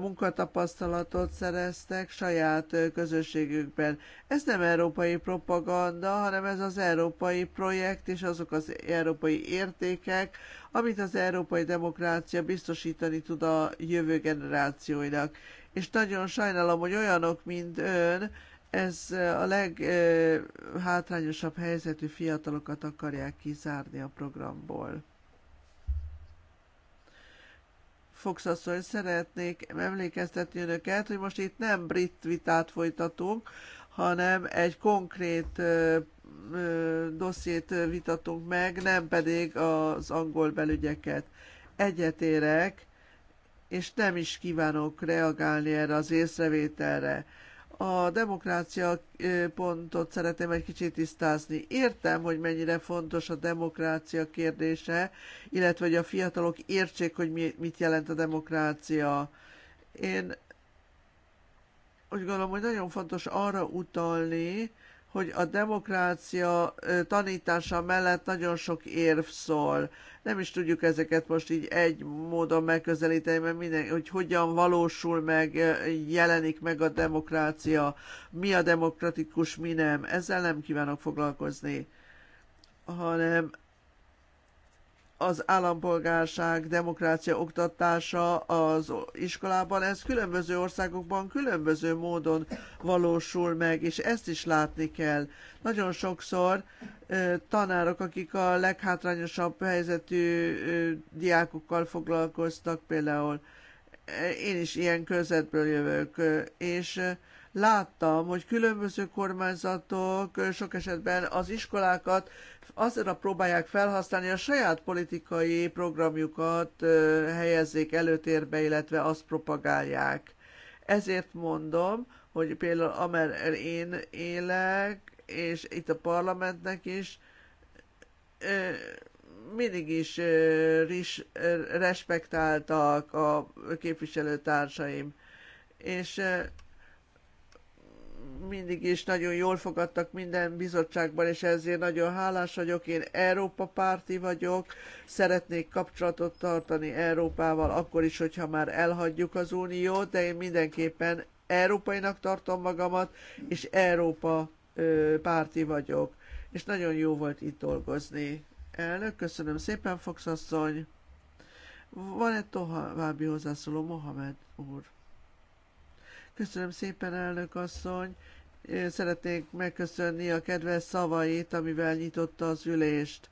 Speaker 2: munkatapasztalatot szereztek saját közösségükben. Ez nem európai propaganda, hanem ez az európai projekt és azok az európai értékek, amit az európai demokrácia biztosítani tud a jövő generációinak. És nagyon sajnálom, hogy olyanok, mint ön, ez a leghátrányosabb helyzetű fiatalokat akarják kizárni a programból. Fox asszony, szeretnék emlékeztetni önöket, hogy most itt nem brit vitát folytatunk, hanem egy konkrét dossziét vitatunk meg, nem pedig az angol belügyeket. Egyetérek, és nem is kívánok reagálni erre az észrevételre a demokrácia pontot szeretném egy kicsit tisztázni. Értem, hogy mennyire fontos a demokrácia kérdése, illetve hogy a fiatalok értsék, hogy mit jelent a demokrácia. Én úgy gondolom, hogy nagyon fontos arra utalni, hogy a demokrácia tanítása mellett nagyon sok érv szól. Nem is tudjuk ezeket most így egy módon megközelíteni, mert minden, hogy hogyan valósul meg, jelenik meg a demokrácia, mi a demokratikus, mi nem. Ezzel nem kívánok foglalkozni hanem az állampolgárság, demokrácia oktatása az iskolában, ez különböző országokban különböző módon valósul meg, és ezt is látni kell. Nagyon sokszor tanárok, akik a leghátrányosabb helyzetű diákokkal foglalkoztak, például én is ilyen közvetből jövök, és láttam, hogy különböző kormányzatok sok esetben az iskolákat azra próbálják felhasználni a saját politikai programjukat, helyezzék előtérbe, illetve azt propagálják. Ezért mondom, hogy például amerrel én élek, és itt a parlamentnek is, mindig is ris, respektáltak a képviselőtársaim. És mindig is nagyon jól fogadtak minden bizottságban, és ezért nagyon hálás vagyok. Én Európa párti vagyok, szeretnék kapcsolatot tartani Európával, akkor is, hogyha már elhagyjuk az Uniót, de én mindenképpen európainak tartom magamat, és Európa ö, párti vagyok. És nagyon jó volt itt dolgozni. Elnök, köszönöm szépen, Fox asszony. Van-e további hozzászóló, Mohamed úr? Köszönöm szépen, elnök asszony. szeretnék megköszönni a kedves szavait, amivel nyitotta az ülést.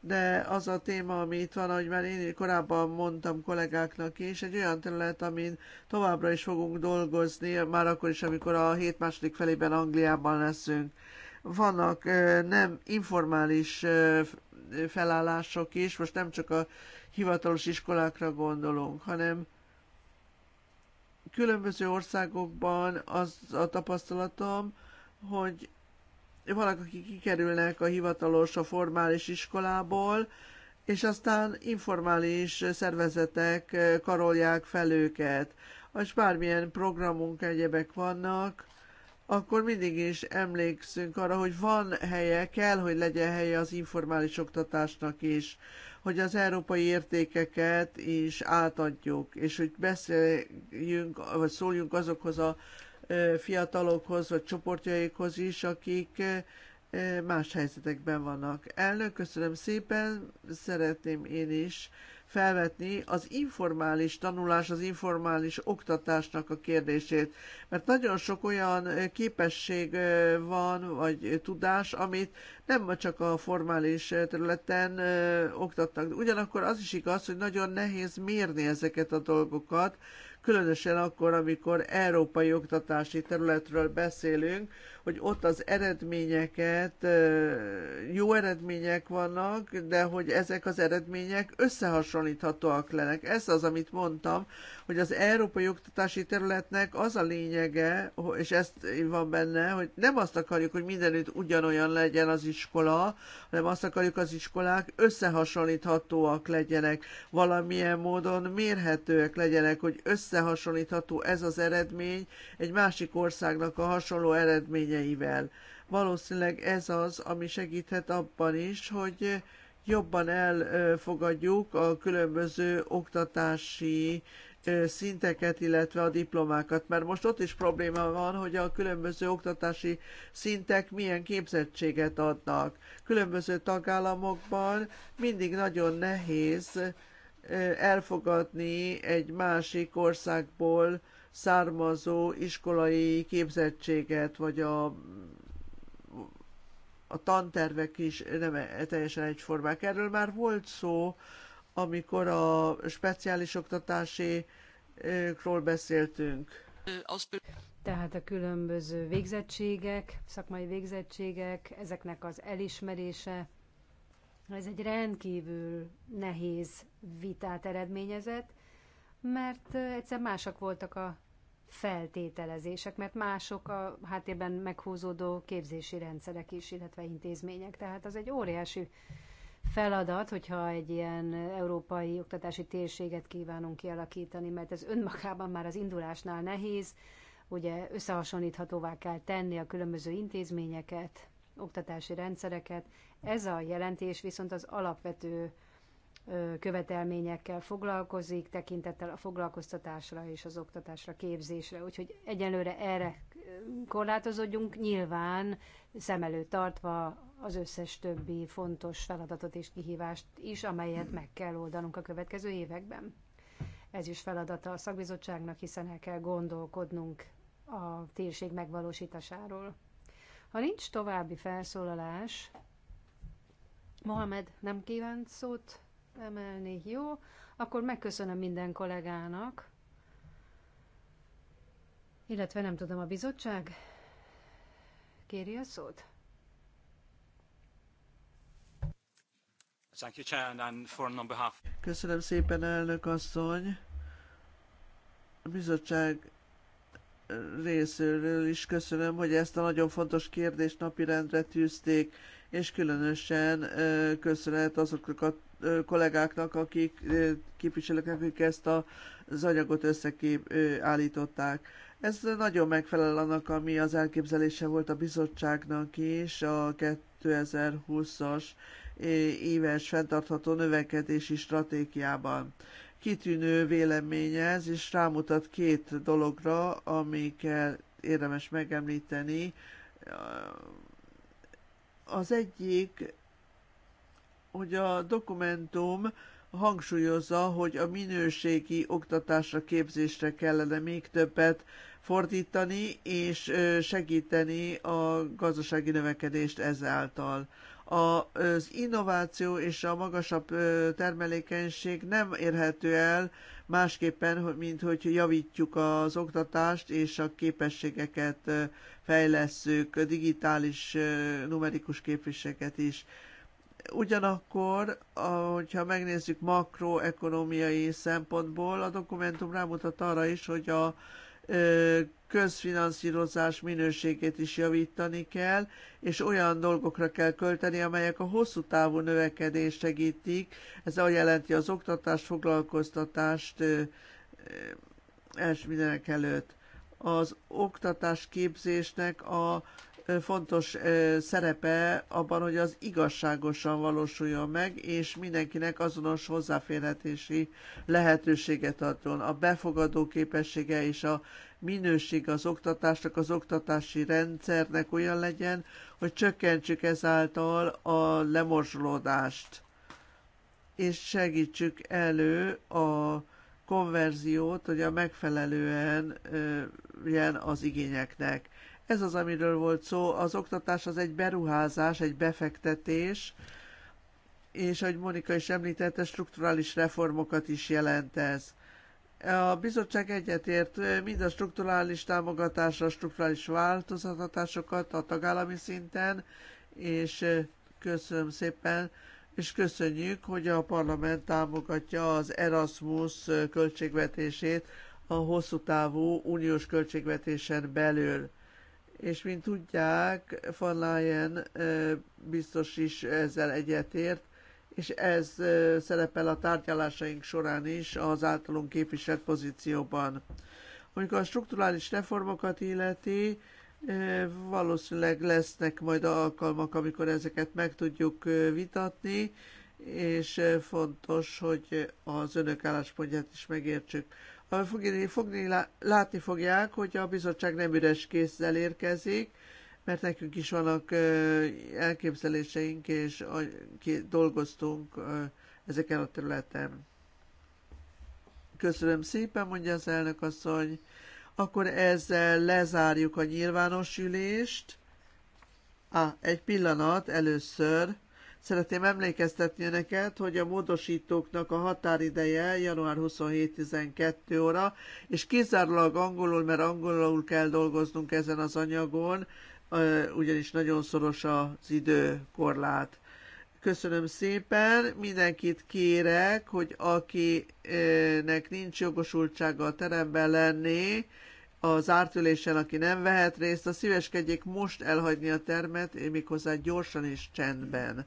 Speaker 2: De az a téma, ami itt van, ahogy már én korábban mondtam kollégáknak is, egy olyan terület, amin továbbra is fogunk dolgozni, már akkor is, amikor a hét második felében Angliában leszünk. Vannak nem informális felállások is, most nem csak a hivatalos iskolákra gondolunk, hanem különböző országokban az a tapasztalatom, hogy vannak, akik kikerülnek a hivatalos, a formális iskolából, és aztán informális szervezetek eh, karolják fel őket. És bármilyen programunk, egyebek vannak, akkor mindig is emlékszünk arra, hogy van helye, kell, hogy legyen helye az informális oktatásnak is hogy az európai értékeket is átadjuk, és hogy beszéljünk, vagy szóljunk azokhoz a fiatalokhoz, vagy csoportjaikhoz is, akik más helyzetekben vannak. Elnök, köszönöm szépen, szeretném én is felvetni az informális tanulás, az informális oktatásnak a kérdését, mert nagyon sok olyan képesség van, vagy tudás, amit nem csak a formális területen oktatnak. Ugyanakkor az is igaz, hogy nagyon nehéz mérni ezeket a dolgokat, különösen akkor, amikor európai oktatási területről beszélünk, hogy ott az eredményeket, jó eredmények vannak, de hogy ezek az eredmények összehasonlíthatóak lennek. Ez az, amit mondtam, hogy az európai oktatási területnek az a lényege, és ezt van benne, hogy nem azt akarjuk, hogy mindenütt ugyanolyan legyen az iskola, hanem azt akarjuk, az iskolák összehasonlíthatóak legyenek, valamilyen módon mérhetőek legyenek, hogy össze összehasonlítható ez az eredmény egy másik országnak a hasonló eredményeivel. Valószínűleg ez az, ami segíthet abban is, hogy jobban elfogadjuk a különböző oktatási szinteket, illetve a diplomákat, mert most ott is probléma van, hogy a különböző oktatási szintek milyen képzettséget adnak. Különböző tagállamokban mindig nagyon nehéz elfogadni egy másik országból származó iskolai képzettséget, vagy a, a tantervek is nem e, teljesen egyformák. Erről már volt szó, amikor a speciális oktatásról beszéltünk.
Speaker 1: Tehát a különböző végzettségek, szakmai végzettségek, ezeknek az elismerése, ez egy rendkívül nehéz vitát eredményezett, mert egyszer másak voltak a feltételezések, mert mások a háttérben meghúzódó képzési rendszerek is, illetve intézmények. Tehát az egy óriási feladat, hogyha egy ilyen európai oktatási térséget kívánunk kialakítani, mert ez önmagában már az indulásnál nehéz, ugye összehasonlíthatóvá kell tenni a különböző intézményeket, oktatási rendszereket. Ez a jelentés viszont az alapvető követelményekkel foglalkozik, tekintettel a foglalkoztatásra és az oktatásra, képzésre. Úgyhogy egyelőre erre korlátozódjunk, nyilván szem előtt tartva az összes többi fontos feladatot és kihívást is, amelyet meg kell oldanunk a következő években. Ez is feladata a szakbizottságnak, hiszen el kell gondolkodnunk a térség megvalósításáról. Ha nincs további felszólalás, Mohamed nem kívánt szót emelni, jó? Akkor megköszönöm minden kollégának, illetve nem tudom, a bizottság kéri a szót?
Speaker 2: Köszönöm szépen, elnök asszony. A bizottság részéről is köszönöm, hogy ezt a nagyon fontos kérdést napirendre tűzték, és különösen köszönet azoknak a kollégáknak, akik képviselők, akik ezt az anyagot összekép állították. Ez nagyon megfelel annak, ami az elképzelése volt a bizottságnak is, a 2020-as éves fenntartható növekedési stratégiában kitűnő véleményez, és rámutat két dologra, amiket érdemes megemlíteni. Az egyik, hogy a dokumentum hangsúlyozza, hogy a minőségi oktatásra, képzésre kellene még többet fordítani és segíteni a gazdasági növekedést ezáltal az innováció és a magasabb termelékenység nem érhető el másképpen, mint hogy javítjuk az oktatást és a képességeket fejlesszük, digitális numerikus képviseket is. Ugyanakkor, hogyha megnézzük makroekonomiai szempontból, a dokumentum rámutat arra is, hogy a közfinanszírozás minőségét is javítani kell, és olyan dolgokra kell költeni, amelyek a hosszú távú növekedést segítik. Ez a jelenti az oktatást, foglalkoztatást, első mindenek előtt. Az oktatás képzésnek a fontos szerepe abban, hogy az igazságosan valósuljon meg, és mindenkinek azonos hozzáférhetési lehetőséget adjon. A befogadó képessége és a minőség az oktatásnak, az oktatási rendszernek olyan legyen, hogy csökkentsük ezáltal a lemorzsolódást, és segítsük elő a konverziót, hogy a megfelelően jön az igényeknek ez az, amiről volt szó. Az oktatás az egy beruházás, egy befektetés, és ahogy Monika is említette, strukturális reformokat is jelent ez. A bizottság egyetért mind a strukturális támogatásra, strukturális változtatásokat a tagállami szinten, és köszönöm szépen, és köszönjük, hogy a parlament támogatja az Erasmus költségvetését a hosszú távú uniós költségvetésen belül és mint tudják, van Leyen biztos is ezzel egyetért, és ez szerepel a tárgyalásaink során is az általunk képviselt pozícióban. Amikor a strukturális reformokat illeti, valószínűleg lesznek majd alkalmak, amikor ezeket meg tudjuk vitatni, és fontos, hogy az önök álláspontját is megértsük fogni, fogni, látni fogják, hogy a bizottság nem üres kézzel érkezik, mert nekünk is vannak elképzeléseink, és dolgoztunk ezeken a területen. Köszönöm szépen, mondja az elnök asszony. Akkor ezzel lezárjuk a nyilvános ülést. Á, ah, egy pillanat, először Szeretném emlékeztetni önöket, hogy a módosítóknak a határideje január 27-12 óra, és kizárólag angolul, mert angolul kell dolgoznunk ezen az anyagon, ugyanis nagyon szoros az időkorlát. Köszönöm szépen, mindenkit kérek, hogy akinek nincs jogosultsága a teremben lenni, az ártülésen, aki nem vehet részt, a szíveskedjék most elhagyni a termet, méghozzá gyorsan és csendben.